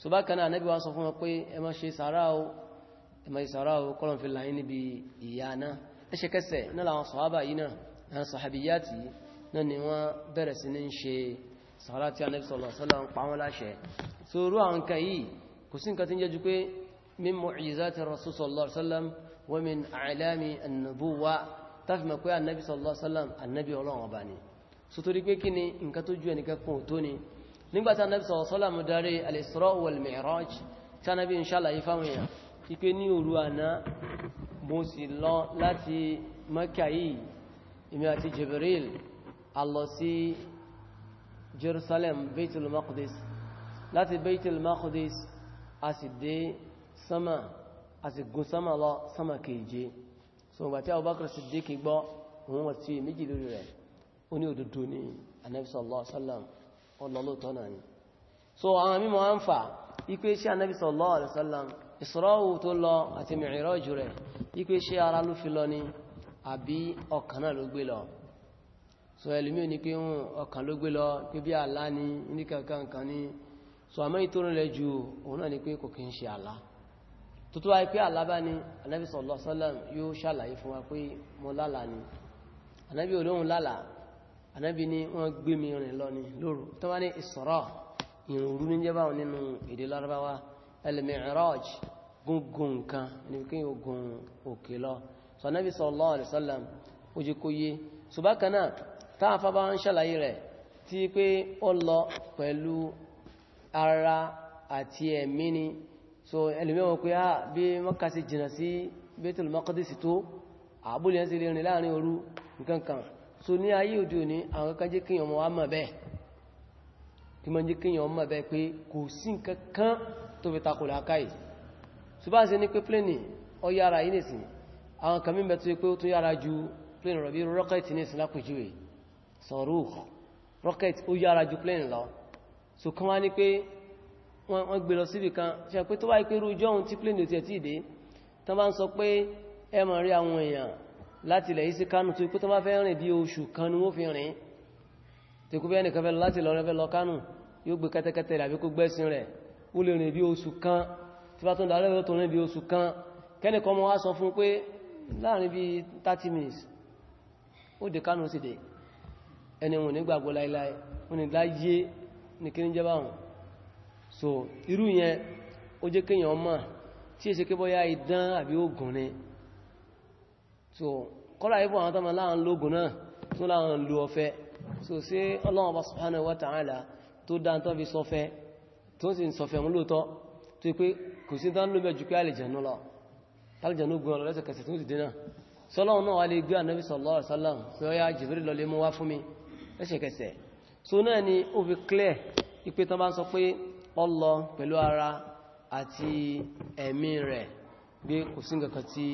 so bákan náà anábì wá sọ fún wọn pé ẹ má ṣe sàárà o ẹ má ṣe sàárà o kọ́lọ̀ fi láyé níbi ìyá náà ẹṣẹ̀kẹsẹ̀ náà làwọn sọ̀hábà yìí náà àwọn sọ̀hábìyàtì náà ni wọ́n bẹ̀rẹ̀ sí ní ṣe sàárà tí anábì wa min a'lami an tafima pé annabi sallallahu alaihi wasallam annabi Ọlọ́run ọba ni so torí pé kí ni nǹkan tó ju ẹnìkan kún tó ni nígbàtí annabi sallallahu alaihi wasallam darí al-Isra wal Mi'raj tí annabi ń ṣàlàyé fáwọn èèyàn ipé ní òru àná mo sì lọ láti Mẹ́kà yìí èmi àti Jibril a lọ sí Jerusalem Baitul Maqdis láti Baitul Maqdis a sì dé sama a sì gùn sama lọ sama keje so gbàtí Abubakar Siddiq gbọ́ òun wọ́n ti méjì lórí rẹ̀ ó ní òdòdó ní Ànábì sallallahu alaihi wasallam ọlọ́lọ́tọ́ náà ni so àwọn mímọ̀ wọ́n ń fà ipé iṣẹ́ Ànábì sallallahu alaihi wasallam Isra'u tó lọ àti Mi'raj rẹ̀ ipé iṣẹ́ ara ló fi lọ ni àbí ọkàn náà ló gbé lọ so ẹlùmí ò ní pé ọkàn ló gbé lọ pé bí àlá ni ní kankan kan so àmọ́ ìtòrìnlẹ̀ ju òun náà ni pé kò kí ń ṣe àlá tó tó wáyé pé àlábá ni anábì sallallahu alaihi wasallam yóò ṣàlàyé fún wa pé mo lálà ni anábì olóhun lálà anábì ni wọ́n gbé mi rìn lọ ni lóru tó wá ní Isra ìrìn òru ní jẹ́bà wọn nínú èdè larabawa al-Mi'raj gungun kan ní kí o gun òkè lọ so anábì sallallahu alaihi wasallam ó jẹ́ kó yé ṣùgbákaná táàfà bá ń ṣàlàyé rẹ̀ tí pé ó lọ pẹ̀lú ara àti ẹ̀mí ni so ẹlùmíwọ̀n pé á ah, bí mọ́ká sí jìnà sí Baitul Maqdis tó àbúlé ẹ́ sí lè rìn láàrin òru nǹkankan so ní ayé òde òní àwọn kan jẹ́ kíyàn mọ́ àmà bẹ́ẹ̀ kí mọ́ jẹ́ kíyàn mọ́ bẹ́ẹ̀ pé kò sí nǹkankan tó fi takò lákàí so bá ṣe ní pé pléni ọ yára yìí nìsìn àwọn kan mímẹ́ tó pé ó tún yára ju pléni rọ̀bí rọ́kẹ̀tì ní ìsìnlápèjúwe sọ̀rọ̀ rọ́kẹ̀tì ó yára ju pléni lọ so kan wá ní pé wọ́n gbé lọ síbi kan ṣe pé tó bá ipé irú ọjọ́ ohun tí plane ò tiẹ̀ tí ìdé tán bá ń sọ pé ẹ máa rí àwọn èèyàn láti ilẹ̀ yìí sí Kánò tó ipé tó bá fẹ́ rìn bí oṣù kan ni wọ́n fi rìn tẹkú ẹnìkan fẹ́ lọ láti lọ Kánò yóò gbé kẹ́tẹ́kẹ́tẹ́ minutes ó dé Kánò sì dé ẹni wọn nígbàgbọ́ láíláí wọn ni láyé so irú yẹn ó jẹ́ kéèyàn mọ̀ tí è ṣe ké bọ́yá idán àbí oògùn ni so kọ́lá ibò àwọn tánmà láàrín lóògùn náà tó láàrín lò ọ̀fẹ́ so sí Ọlọ́hun Ọba subhanahu wa ta'ala tó dá tán fi sọfẹ́ tó sì ń sọfẹ́ mú lóòtọ́ tó pé kò sí bá ń sọ pé ọlọ pẹ̀lú ara àti ẹ̀mí rẹ̀ gbé kò sí nǹkan tí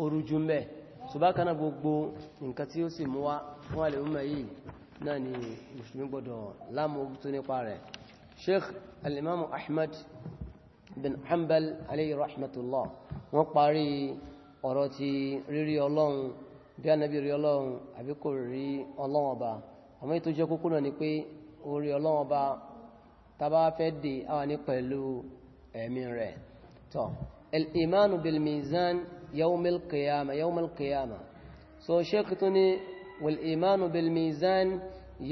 ó rújú mẹ́ so bá kaná gbogbo nǹkan tí ó sì mú wá fún alẹ́ yìí náà ni mùsùlùmí gbọdọ̀ lámójútó nípa rẹ̀ sheikh alimamu Ahmed bin hanbal alayhi rahmatullah wọ́n parí ọ̀rọ̀ ti rírí ọlọ́run bí anábì rí ọlọ́run àbí kò rí ọlọ́run tàbá fẹ́ di àwà ní pẹ̀lú ẹ̀mí rẹ̀ tọ́ al'imanu bil mizan yawmil qiyama yawmil qiyama so sheik tó ní wal'imanu bil mizan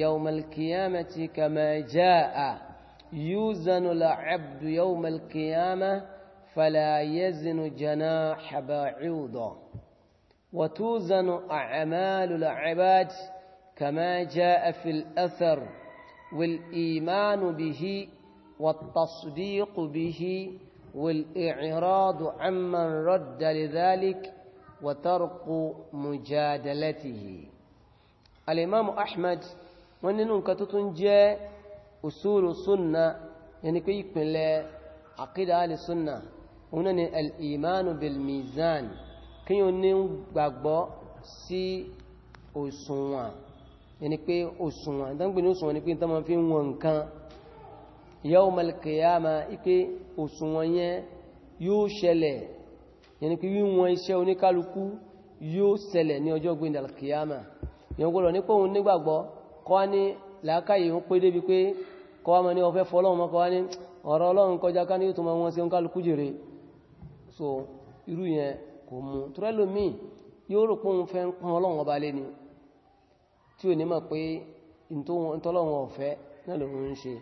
yawmil qiyama ti kama ja'a yuzanu la'abdu yawmil qiyama fala yazinu janaha ba'iudo وتوزن أعمال العباد كما جاء في الأثر والإيمان به والتصديق به والإعراض عمن رد لذلك وترك مجادلته الإمام أحمد وأن كتتن تتنجى أصول سنة يعني كي يكون عقيدة أهل السنة هنا الإيمان بالميزان كي ينين سي أصوان ẹni pé òṣùwọ̀n ìdánpẹ̀ ní òṣùwọ̀n ni pé tán ma fi ń wọn nǹkan yawmal qiyamah ipé òṣùwọ̀n yẹn yóò ṣẹlẹ̀ ẹni pé wíwọn iṣẹ́ oníkálukú yóò ṣẹlẹ̀ ní ọjọ́ gbìndàl kìyàmà yẹn gbọ́dọ̀ nípa òun nígbàgbọ́ kọ́ ní làákàyè ń pé débi pé ma so irú yẹn kò mú tùrẹ́lòmí yóò rò pé òun fẹ́ tí ò ní mọ̀ pé ìtọ́lọ́wọ̀n ọ̀fẹ́ náà lòun ń ṣe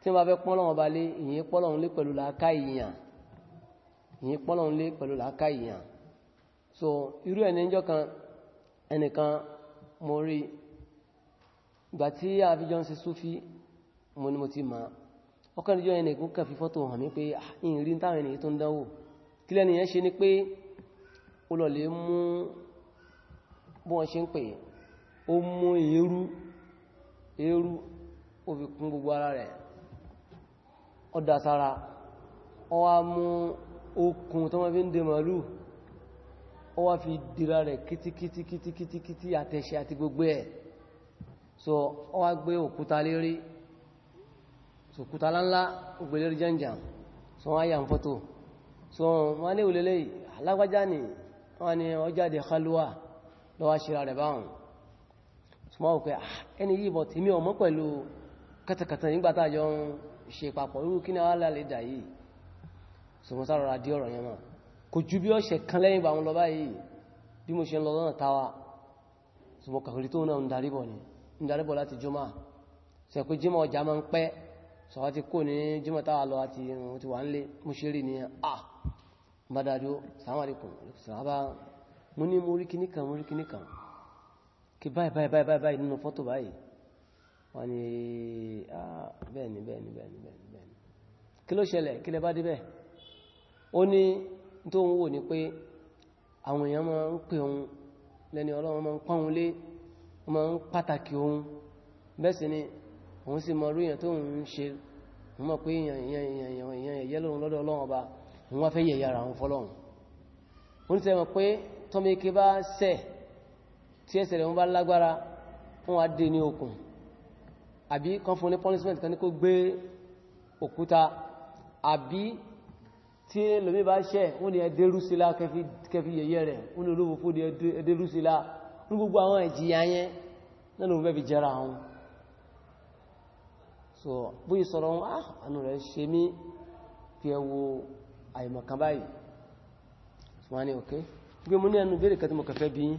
tí wọ́n bá fẹ́ pọ́lọ́wọ̀n bá lé ìyìn pọ́lọ́wọ̀n lé pẹ̀lú làákà ìyàn ìyìn pọ́lọ́wọ̀n lé pẹ̀lú làákà ìyàn so irú ẹni jọ kan ẹnìkan mo rí ìgbà tí a fi jọ ń ṣe súfí mo ní mo ti ma ọkànlẹ́jọ́ ẹnìkan kàn fi fọ́tò hàn mí pé ìrìn táwọn ènìyàn tó ń dánwò ni pé ó lọ lè mú bọ́n ṣe ń pè ó mú eérú eérú ó fi kún gbogbo ara rẹ̀ ó dà sára ó wá mú okùn tó wọ́n fi ń dè màálù ó wá fi dìra rẹ̀ kítíkítíkítíkítí àtẹ̀ṣe àti gbogbo ẹ̀ so ó wá gbé òkúta lérí òkúta láńlá ògbè lérí jẹ́njàn so wọ́n yà ń fọ́tò so wọ́n ní òlélẹ́ ni wọ́n ni ọjáde khalwa lọ́wọ́ ṣe rẹ̀ báhùn small pé ah, ẹni yìí bọ̀ tí mi ọmọ pẹ̀lú kẹtẹkẹtẹ nígbàtà yọ ń ṣe papọ̀ irú kí ní àálà lè dà yìí ṣùgbọ́n sára dí ọ̀rọ̀ yẹn náà kò ju bí ọ̀ṣẹ̀ kan lẹ́yìn bá ń lọ báyìí bí mo ṣe ń lọ lọ́nà táwa ṣùgbọ́n kàkiri tó náà ń darí bọ̀ ni ń darí bọ̀ láti jọmọ́ ṣe pé jímọ̀ ọjà máa ń ti kò ní jímọ̀ táwa lọ àti ìrùn ti wà ń lé mo ṣe rí ni à ah! bá dájú sàmàlìkùn sàmàbà mo ní mo rí kíníkan mo rí kíníkan kí báyìí báyìí báyìí báyìí nínú fọ́tò báyìí wọ́n ni bẹ́ẹ̀ni bẹ́ẹ̀ni bẹ́ẹ̀ni bẹ́ẹ̀ni kí ló ṣẹlẹ̀ kí lẹ bá dé bẹ́ẹ̀ ó ní tó ń wò ní pé àwọn èèyàn máa ń pè ohun lẹ́ni ọlọ́run máa ń pọ́n lé máa ń pàtàkì ohun bẹ́ẹ̀ ni òun sì mọ rúyàn tó ń ṣe wọ́n pé èèyàn ẹ̀yẹ lóhun lọ́dọ̀ ọlọ́run tí ẹsẹ̀ rẹ̀ wọ́n bá lágbára wọ́n wá dé ní okùn àbí kan fún ní punishment kan ní kó gbé òkúta àbí tí lómi bá ṣẹ́ wọ́n ni ẹdẹ́rúsílá kẹfí yẹyẹ rẹ̀ wọ́n ni olóòwò fún ẹdẹ́rúsílá ní gbogbo àwọn ìjìyà yẹn nínú fẹ́ so bó ìsọ̀rọ̀ wọn ah anú rẹ̀ ṣe mí fi ẹwọ àìmọ̀kan báyìí wọ́n ni ok gbé mú bí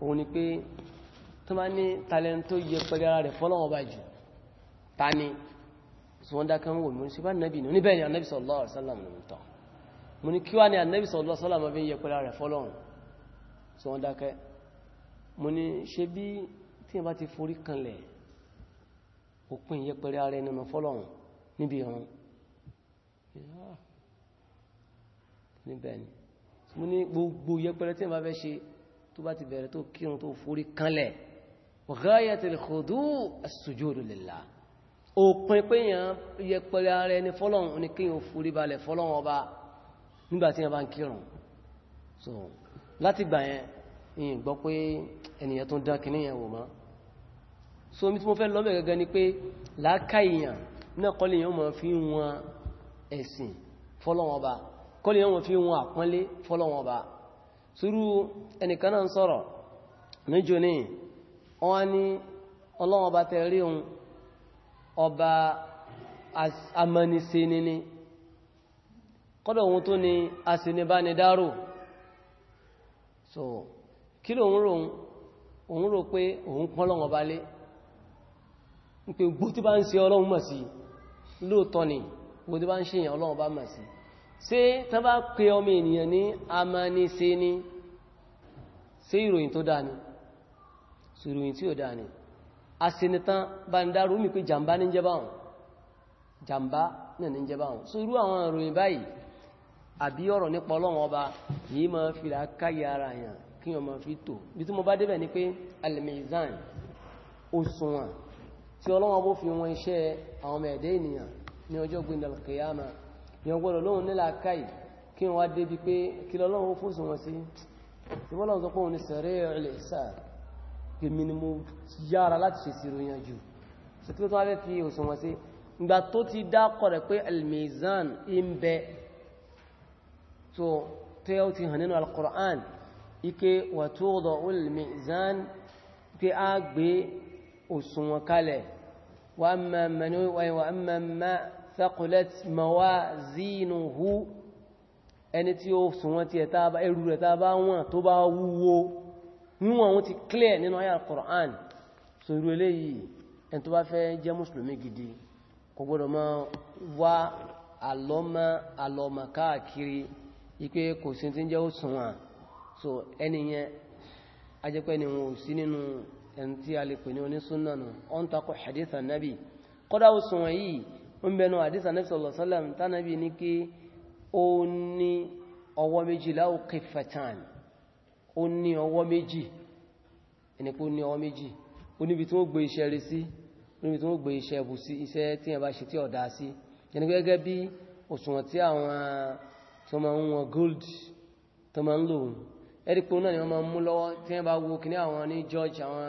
òun ni pé tó máa ní talent tó yẹ pẹ̀lú ara rẹ̀ fọ́lọ́wọ́ bá jù ta ni tí wọ́n dákan wò mú sí bá nàbì ní oníbẹ̀ ni anábì sallallahu alaihi wasallam mo sallallahu alaihi wasallam fi ń yẹ pẹ̀lú ara rẹ̀ fọ́lọ́wọ́ tí wọ́n dákẹ́ mo ní ṣe bí tí wọ́n bá ti ni mo ní gbogbo yẹ pẹ̀lú tí wọ́n bá fẹ́ ṣe tó bá ti bẹ̀rẹ̀ tó kírun tó forí kanlẹ̀ ghayatul khudu' as-sujudu lillah òpin pé yàn yẹpẹrẹ ara ẹni fọ́lọ́run ní kí yàn forí balẹ̀ fọ́lọ́run ọba nígbàtí yàn bá ń kírun so láti gbà yẹn yìí gbọ́ pé ènìyàn tó ń dá kìíní yẹn wò mọ́ so omi tí mo fẹ́ lọ́bẹ̀ gẹ́gẹ́ sírú ẹnìkan náà ń sọ̀rọ̀ níjò ní wọ́n ní ọlọ́run ọba tẹ̀rí ohun ọba amẹ́nisẹ́ níní kọ́dọ̀ ohun tó ní asinibánidáró so kí ló ń rò òun rò pé òun pọ́n lọ́wọ́ lé ń pé gbó bá ń ṣe ọlọ́run mọ̀ sí lóòtọ́ ni gbó bá ọba mọ̀ ṣe tán bá pè ọmọ ènìyàn ní amánisí ní ṣe ìròyìn tó dáa ni ṣe ìròyìn tí ó ni a sì ní tán bá ń dárú mi pé jàmbá ní jẹba hàn jàmbá náà ní jẹba hàn so irú àwọn ìròyìn báyìí àbí ọ̀rọ̀ nípa ọlọ́run ọba yìí ma fi rà káyà ara yàn kí wọ́n ma fi tò bí tí mo bá débẹ̀ ní pé al-mizan òṣùwọ̀n tí ọlọ́run fi wọn iṣẹ́ àwọn ọmọ ẹ̀dẹ́ ènìyàn ní ọjọ́ gbìndàlùkìyàmà yẹn gbọ́dọ̀ lóhun nílà káì kí wọ́n wá débi pé kí lọ́lọ́run fún sí wọn sí ìwọ́lọ́run sọ pé òun ni sẹ̀rẹ́ ilẹ̀ sáà gèmí ni mo yára láti ṣe sí ìròyìn jù so kí ló tó wá fẹ́ saqulat mawazinuhu ẹni tí ó sùnwọ́n tí ẹrù rẹ̀ tàbá wọn tó bá wúwo níwọ̀n wọn ti clear nínú ayà al-Qur'an so irú eléyìí ẹni tó bá fẹ́ jẹ́ mùsùlùmí gidi kò gbọ́dọ̀ ma wá alọ́mà alọ́mà káàkiri ipé kò sí tí jẹ́ ó so ẹni yẹn ni wọn ò sí nínú ẹni tí a lè pè ní onísúnnà nù kọ́dá ó yìí ń bẹnu àdísà nẹ́bí sallallahu alaihi wasallam tánàbí ní kí ó ní ọwọ́ méjì láwọ́ kẹfàtàn ó ní ọwọ́ méjì ẹnipó ní ọwọ́ méjì ó níbi tí wọ́n gbé iṣẹ́ rí sí níbi tí wọ́n gbé iṣẹ́ ẹbù sí iṣẹ́ tí ẹ bá ṣe tí ọ̀dá sí yẹni gẹ́gẹ́ bí òṣùwọ̀n tí àwọn tó ni àwọn ní george àwọn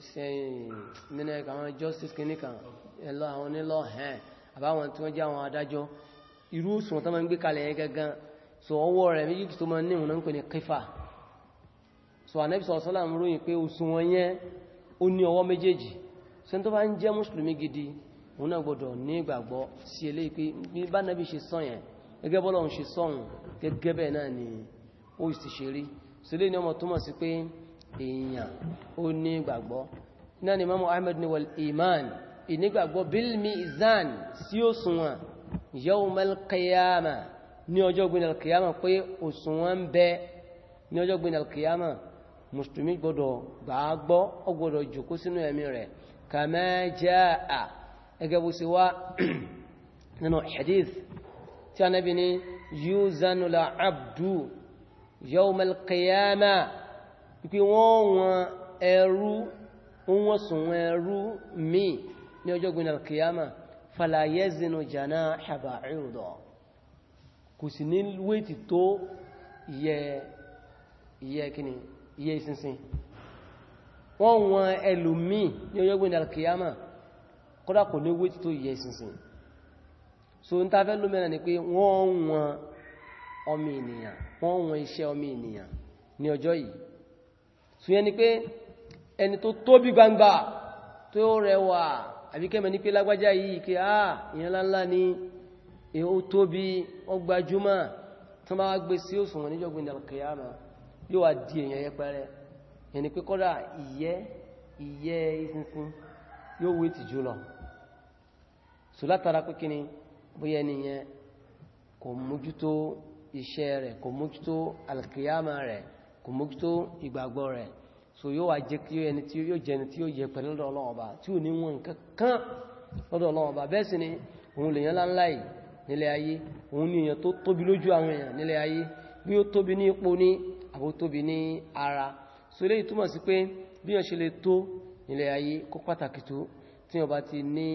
sẹ́yìn eh, nínú ẹ̀kọ́ àwọn justice kìníkà àbáwọn tí wọ́n jẹ́ àwọn adájọ́ irú òsùn tó máa ń gbé kalẹ̀ yẹn gangan so ọwọ́ rẹ̀ méjì tó máa ń náà ń pè ní kífà so Ànábì sallallahu ròyìn pé òsùn wọn yẹn ó ní ọwọ́ méjèèjì so tó bá ń jẹ́ mùsùlùmí gidi òun náà gbọdọ̀ ní ìgbàgbọ́ sí eléyìí pé bá ni ó sì ṣe rí so lè ni Imam Ahmad ni wal ìnígbàgbọ́ bil mizan sí òṣùwọ̀n yawmal qiyama ní ọjọ́ gbin alkiyama pé òṣùwọ̀n ń bẹ ní ọjọ́ gbin alkiyama mùsùlùmí gbọdọ̀ gbàgbọ́ ó gbọdọ̀ jòkó sínú ẹ̀mí rẹ̀ kama jaa ẹgẹ́ bó ṣe wá nínú wọ́n sùn ẹrú míì ní ọjọ́ gbìn alkiyama falayezinu jana haba irudọ kò sì ní wéètì tó iye kíni iye ìsinsin wọ́n wọn ẹlùmí ní ọjọ́ gbìn alkiyama kódà kò ní wéètì tó iye ìsinsin so n ta fẹ́ lómìnà ni pé wọ́n wọn ọmọ ènìyàn wọ́n wọn iṣẹ́ ọmọ ènìyàn ní ọjọ́ yìí so yẹn ni pé ẹni tó tóbi gbangba tó rẹwà àbí kẹ́mẹ̀ ní pé lágbájá yìí kí á ìyẹn láńlá ní èó tóbi ọgbàjúmọ̀ tó máa gbé sí òṣùwọ̀n níjọ́gbìn alkiyama yóò wá di èèyàn yẹpẹrẹ yẹn ni pé kọ́dà ìyẹ́ ìyẹ́ ìsinsin yóò wé ni bóyá nìyẹn kò mójútó alkiyama rẹ̀ kò so yóò wá jẹ́ kí ẹni tí yóò jẹ́ ẹni tí yóò yẹ pẹ̀lú lọ́dọ̀ Ọlọ́run tí ò ní wọn nǹkan kan lọ́dọ̀ Ọlọ́run bẹ́ẹ̀ sì ni òun lèyàn láńlá yìí nílẹ̀ ayé òun ni èèyàn tó tóbi lójú àwọn èèyàn nílẹ̀ ayé bí ó tóbi ní ipò ní àbó tóbi ní ara so eléyìí túmọ̀ sí pé bí wọ́n ṣe lè tó nílẹ̀ ayé kó pàtàkì tó tí wọ́n bá ti ní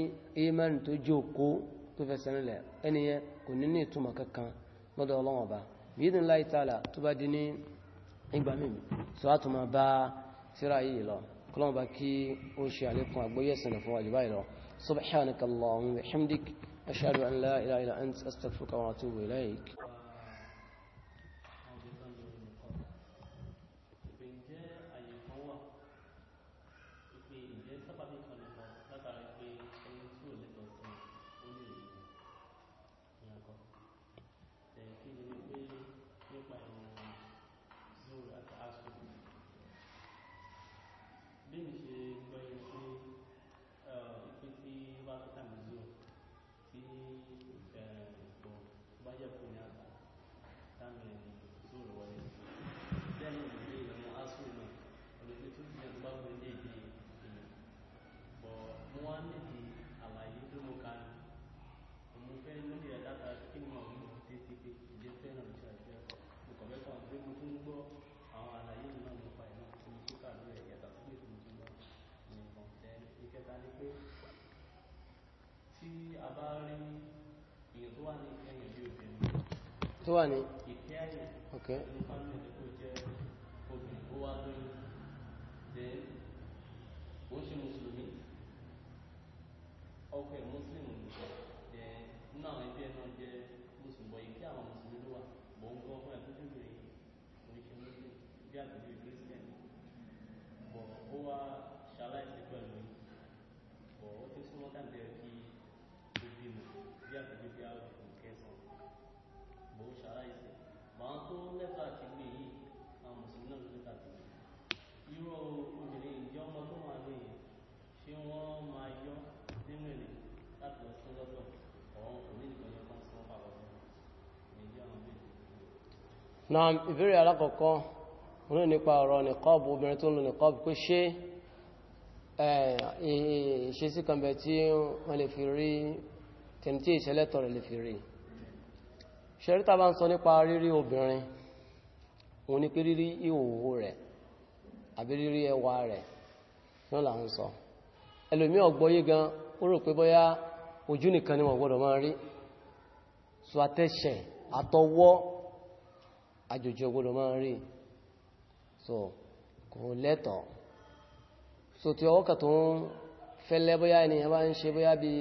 amen tó jókòó tó fẹsẹ̀ nílẹ̀ ẹnìyẹn kò ní ní ìtumọ̀ kankan lọ́dọ̀ Ọlọ́run Ọba bí ìdínláì tààlà tó bá di ní ìgbà mímu so á tún máa سرائي لا كلام أوشي عليكم أبو يسن فوق الجبايلة سبحانك اللهم وبحمدك أشهد أن لا إله إلا أنت أستغفرك وأتوب إليك tó wà ní okay ó ṣe Na ìbéèrè alákọ̀ọ́kọ́ wọn nípa ọ̀rọ̀ nìkọ́ọ̀bù obìnrin tó ń lo nìkọ́ọ̀bù pé ṣé ìṣesí kan bẹ̀ tí wọ́n lè fi rí tẹni tí ìṣẹ́lẹ̀tọ̀ rẹ̀ lè fi rí ṣẹ́ríta bá ń sọ nípa rírí obìnrin òun ni pé rírí ìhòòhò rẹ̀ àbí rírí ẹwà rẹ̀ náà là ń sọ àjòjì ọgbọ́dọ̀ máa ń rí so kò lẹ́tọ̀ so tí ọwọ́ kàtó ń fẹ́lẹ́ bóyá ẹni ẹ bá ń ṣe bóyá bí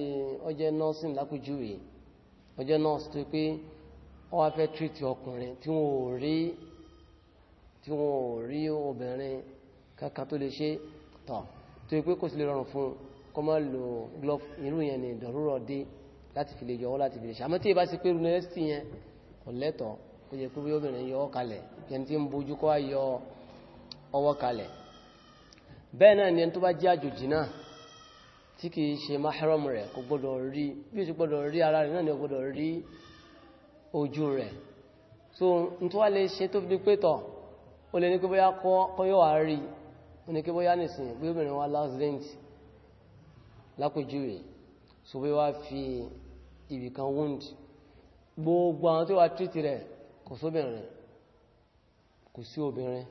ọjẹ́ nọ́ọ̀sìn lápújúwe ọjẹ́ nọ́ọ̀sì tó pé ọ wá fẹ́ tírìtì ọkùnrin tí wọ́n ò rí obìnrin kankan tó lè ṣe tọ̀ tó pé kò sí lè rọrùn fún kọ́ máa lo glove irú yẹn ni ìdọ̀rúrọ̀ dé láti fi lè yọ ọ́ láti fi lè ṣe àmọ́ tí ì bá ṣe pé university yẹn kò lẹ́tọ̀ọ́ kó jẹ́ pé bí obìnrin yọ ọwọ́ kalẹ̀ kí n ti ń bojú kọ́ yọ ọwọ́ kalẹ̀ bẹ́ẹ̀ náà ni ẹni tó bá jẹ́ àjòjì náà tí kì í ṣe mahram rẹ̀ kò gbọ́dọ̀ rí bí ó gbọ́dọ̀ rí ara rẹ̀ náà ni gbọ́dọ̀ rí ojú rẹ̀ so n tó wá lè ṣe tó fi di pé tọ̀ ó lè ní pé bóyá kọ́ yóò wá rí ó ní pé bóyá nìsín bí obìnrin wa lásìdẹ́ǹt lápèjúwe so bí wá fi ibìkan wound gbogbo àwọn tó wá tírìtì rẹ̀ kò sóbìnrin kò sí obìnrin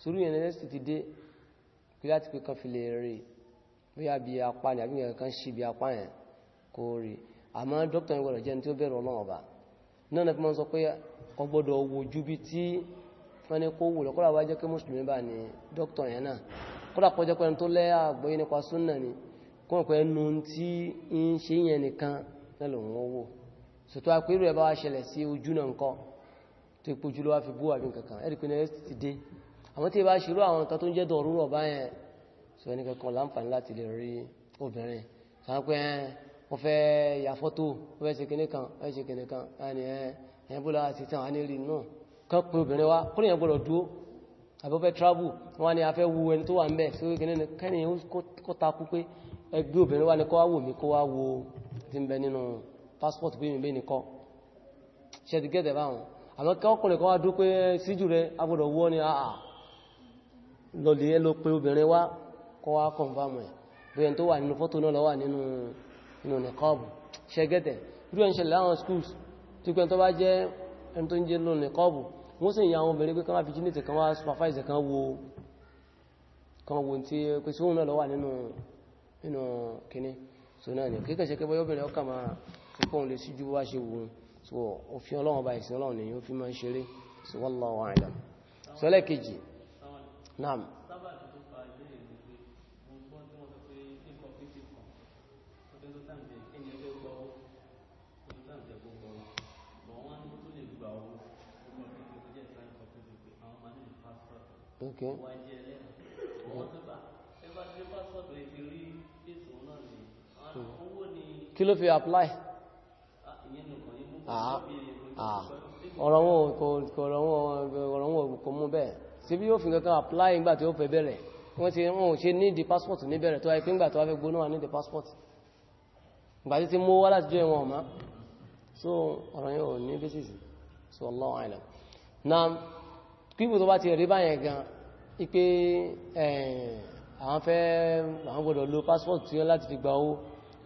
sórí yẹn lẹ́sì ti dé pé láti pé kan fi lè rí bóyá bí apá ní àbí nǹkan ṣí bí apá yẹn kò rí àmọ́ dókítà yẹn gbọ́dọ̀ jẹ́ ní tí ó bẹ̀rù ọlọ́run ọba náà nà fi máa ń sọ pé ó gbọ́dọ̀ wojú bí tí wọ́n kó wù lọ́kọ́lá wá jẹ́ pé mùsùlùmí bá ní dókítà yẹn náà kọ́lá pọ́jọ́ pẹ́ni tó lẹ́ àgbọ́yé nípa súnà ni kọ́nà pẹ́ nu tí ń ṣe yẹn nìkan náà lòun wọ́wọ́ sòtò àpérò ẹ̀ bá wá ṣẹlẹ̀ sí ojú nǹkan tó ipò jùlọ wá fi bú àbí kankan ẹ̀rìpín ní ẹ̀sì ti dé àwọn tí bá ṣírò àwọn nǹkan tó ń jẹ́ dọ̀rúrọ̀ báyẹn so ẹni kankan láǹfààní láti lè rí obìnrin sáwọn pé ya fọ́tò wọ́n fẹ́ ṣe kinní kan wọ́n fẹ́ ṣe kinní kan ẹni ẹ̀yìn bó lára sí tàn á ní rí travel wọ́n ni a fẹ́ wu ẹni tó wà ń bẹ̀ sí kinní kẹ́ni kó takú pé ẹgbẹ́ obìnrin wá ní kó ti ń passport bí mi bẹ́ẹ̀ nìkan ṣe báwọn àmọ́ kí ọkùnrin kan wá dú pé síjù rẹ agbọ́dọ̀ wọ́ ni àà lọlẹ̀ ẹ lọ pé obìnrin wá kọ́ wá kọ̀nfàmù ẹ̀ bẹ́ẹ̀ tó wà nínú fọ́tò náà lọ́wà nínú nìkọ́ọ̀bù ṣẹgẹ́tẹ̀ schools tí pẹ́ tó bá jẹ́ ẹni tó ń jẹ́ lọ nìkọ́ọ̀bù wọ́n sì yà àwọn obìnrin pé kan wá vigilante kan wá supervisor kan wo kan ni kíkẹ́ ṣe kẹ́ bọ́ yóò bẹ̀rẹ̀ ọkà máa kókóhun lè síjú wá ṣe wòun so òfin ọlọ́run ọba ìsìn ọlọ́run nìyí ó fi máa ń ṣeré so wallahu a'lam so lẹ́ẹ̀kejì hmm. Kí ló fi apply? Ah. Ah. Ah. ọ̀rọ̀ wọn kò mú bẹ́ẹ̀ sí bí yóò fi kankan apply ìgbà tí ó fẹ́ bẹ̀rẹ̀ wọ́n ti wọ́n ò ṣe need passport ní bẹ̀rẹ̀ tó wáyé pé tó wá gbóná wà need passport ìgbà tí mú wá láti jọ ẹ̀wọ̀n ọ̀má so ọ̀rọ̀ ò ní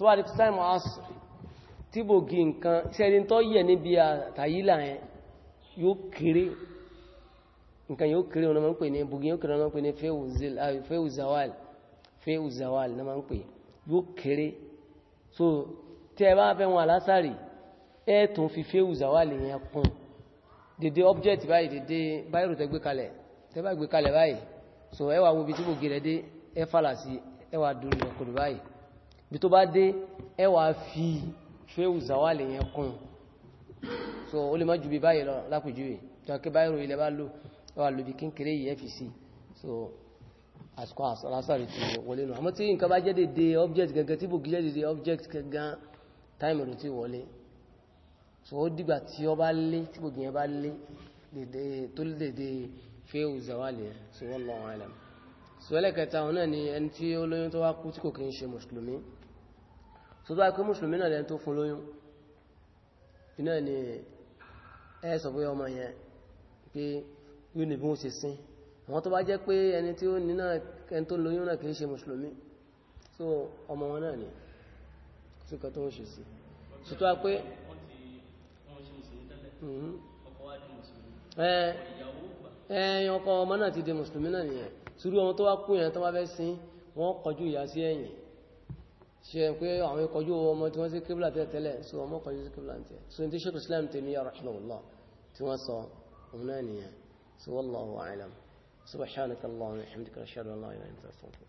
tó wà ní sáìmù asìrì tí bò gí nǹkan tí ẹni tó yẹ níbi àtàyílà ẹ yóò kéré nǹkan yóò kéré wọn máa ń pè ní bùgí yóò kéré wọn máa ń pè ní fẹ́ùzàwàl fẹ́ùzàwàl náà máa ń pè yóò kéré so tí ẹ bá fẹ́ wọn alásàrì ẹ tún fi fẹ́ùzàwàl yẹn kún dédé object báyìí dédé báyìí tẹ gbé kalẹ̀ tẹ bá gbé kalẹ̀ báyìí so ẹ wà wo ibi tí bògì rẹ dé ẹ fàlà sí ẹ wà dúró ẹkùnrin báyìí bí tó bá dé ẹ wá fi fẹ́ù zawalẹ̀ yẹn kún so ó lè má ju bí báyìí lọ lápèjúwe tó kí báyìí ròyìn lẹ́bá lò ẹwà lò bí kínkéré yìí fi sí so àsìkò àsàrì tó wọlé nù àmọ́ tí nǹkan bá jẹ́ dédé object gangan tí bògì jẹ́ dédé object gangan time ló ti wọlé so ó dìgbà tí ọ bá lé tí bògì yẹn bá lé tó lè dédé fẹ́ù zawalẹ̀ yẹn so wallahu alam so ẹlẹ́kẹta ọ̀nà ni ẹni tí ó lóyún tó wá kú tí kò kí ń ṣe mùsùlùmí tó bá kí mùsùlùmí náà lẹ́n tó fún lóyún iná ni ẹ sọ pé ọmọ yẹn pé yóò ní bí wọ́n ṣe sin àwọn tó bá jẹ́ pé ẹni tí ó ní náà ẹni tó lóyún náà kìí ṣe mùsùlùmí so ọmọ wọn náà ni ṣùkọ tó ń ṣe sí ṣùtọ́ a pé mhm. ẹ̀yìn ọkọ ọmọ náà ti di mùsùlùmí náà nìyẹn sùúrù ọmọ tó wá ṣe pé àwọn ìkọjú ọmọ tí wọ́n sí kíblà tẹ́tẹ́lẹ̀ so ọmọ kọjú sí kíblà tẹ́ so ní tí ṣe islam tẹ́ ní rahimahullah tí wọ́n sọ ọmọ náà nìyẹn so wallahu a'lam subhanaka allahumma wa bihamdika ashhadu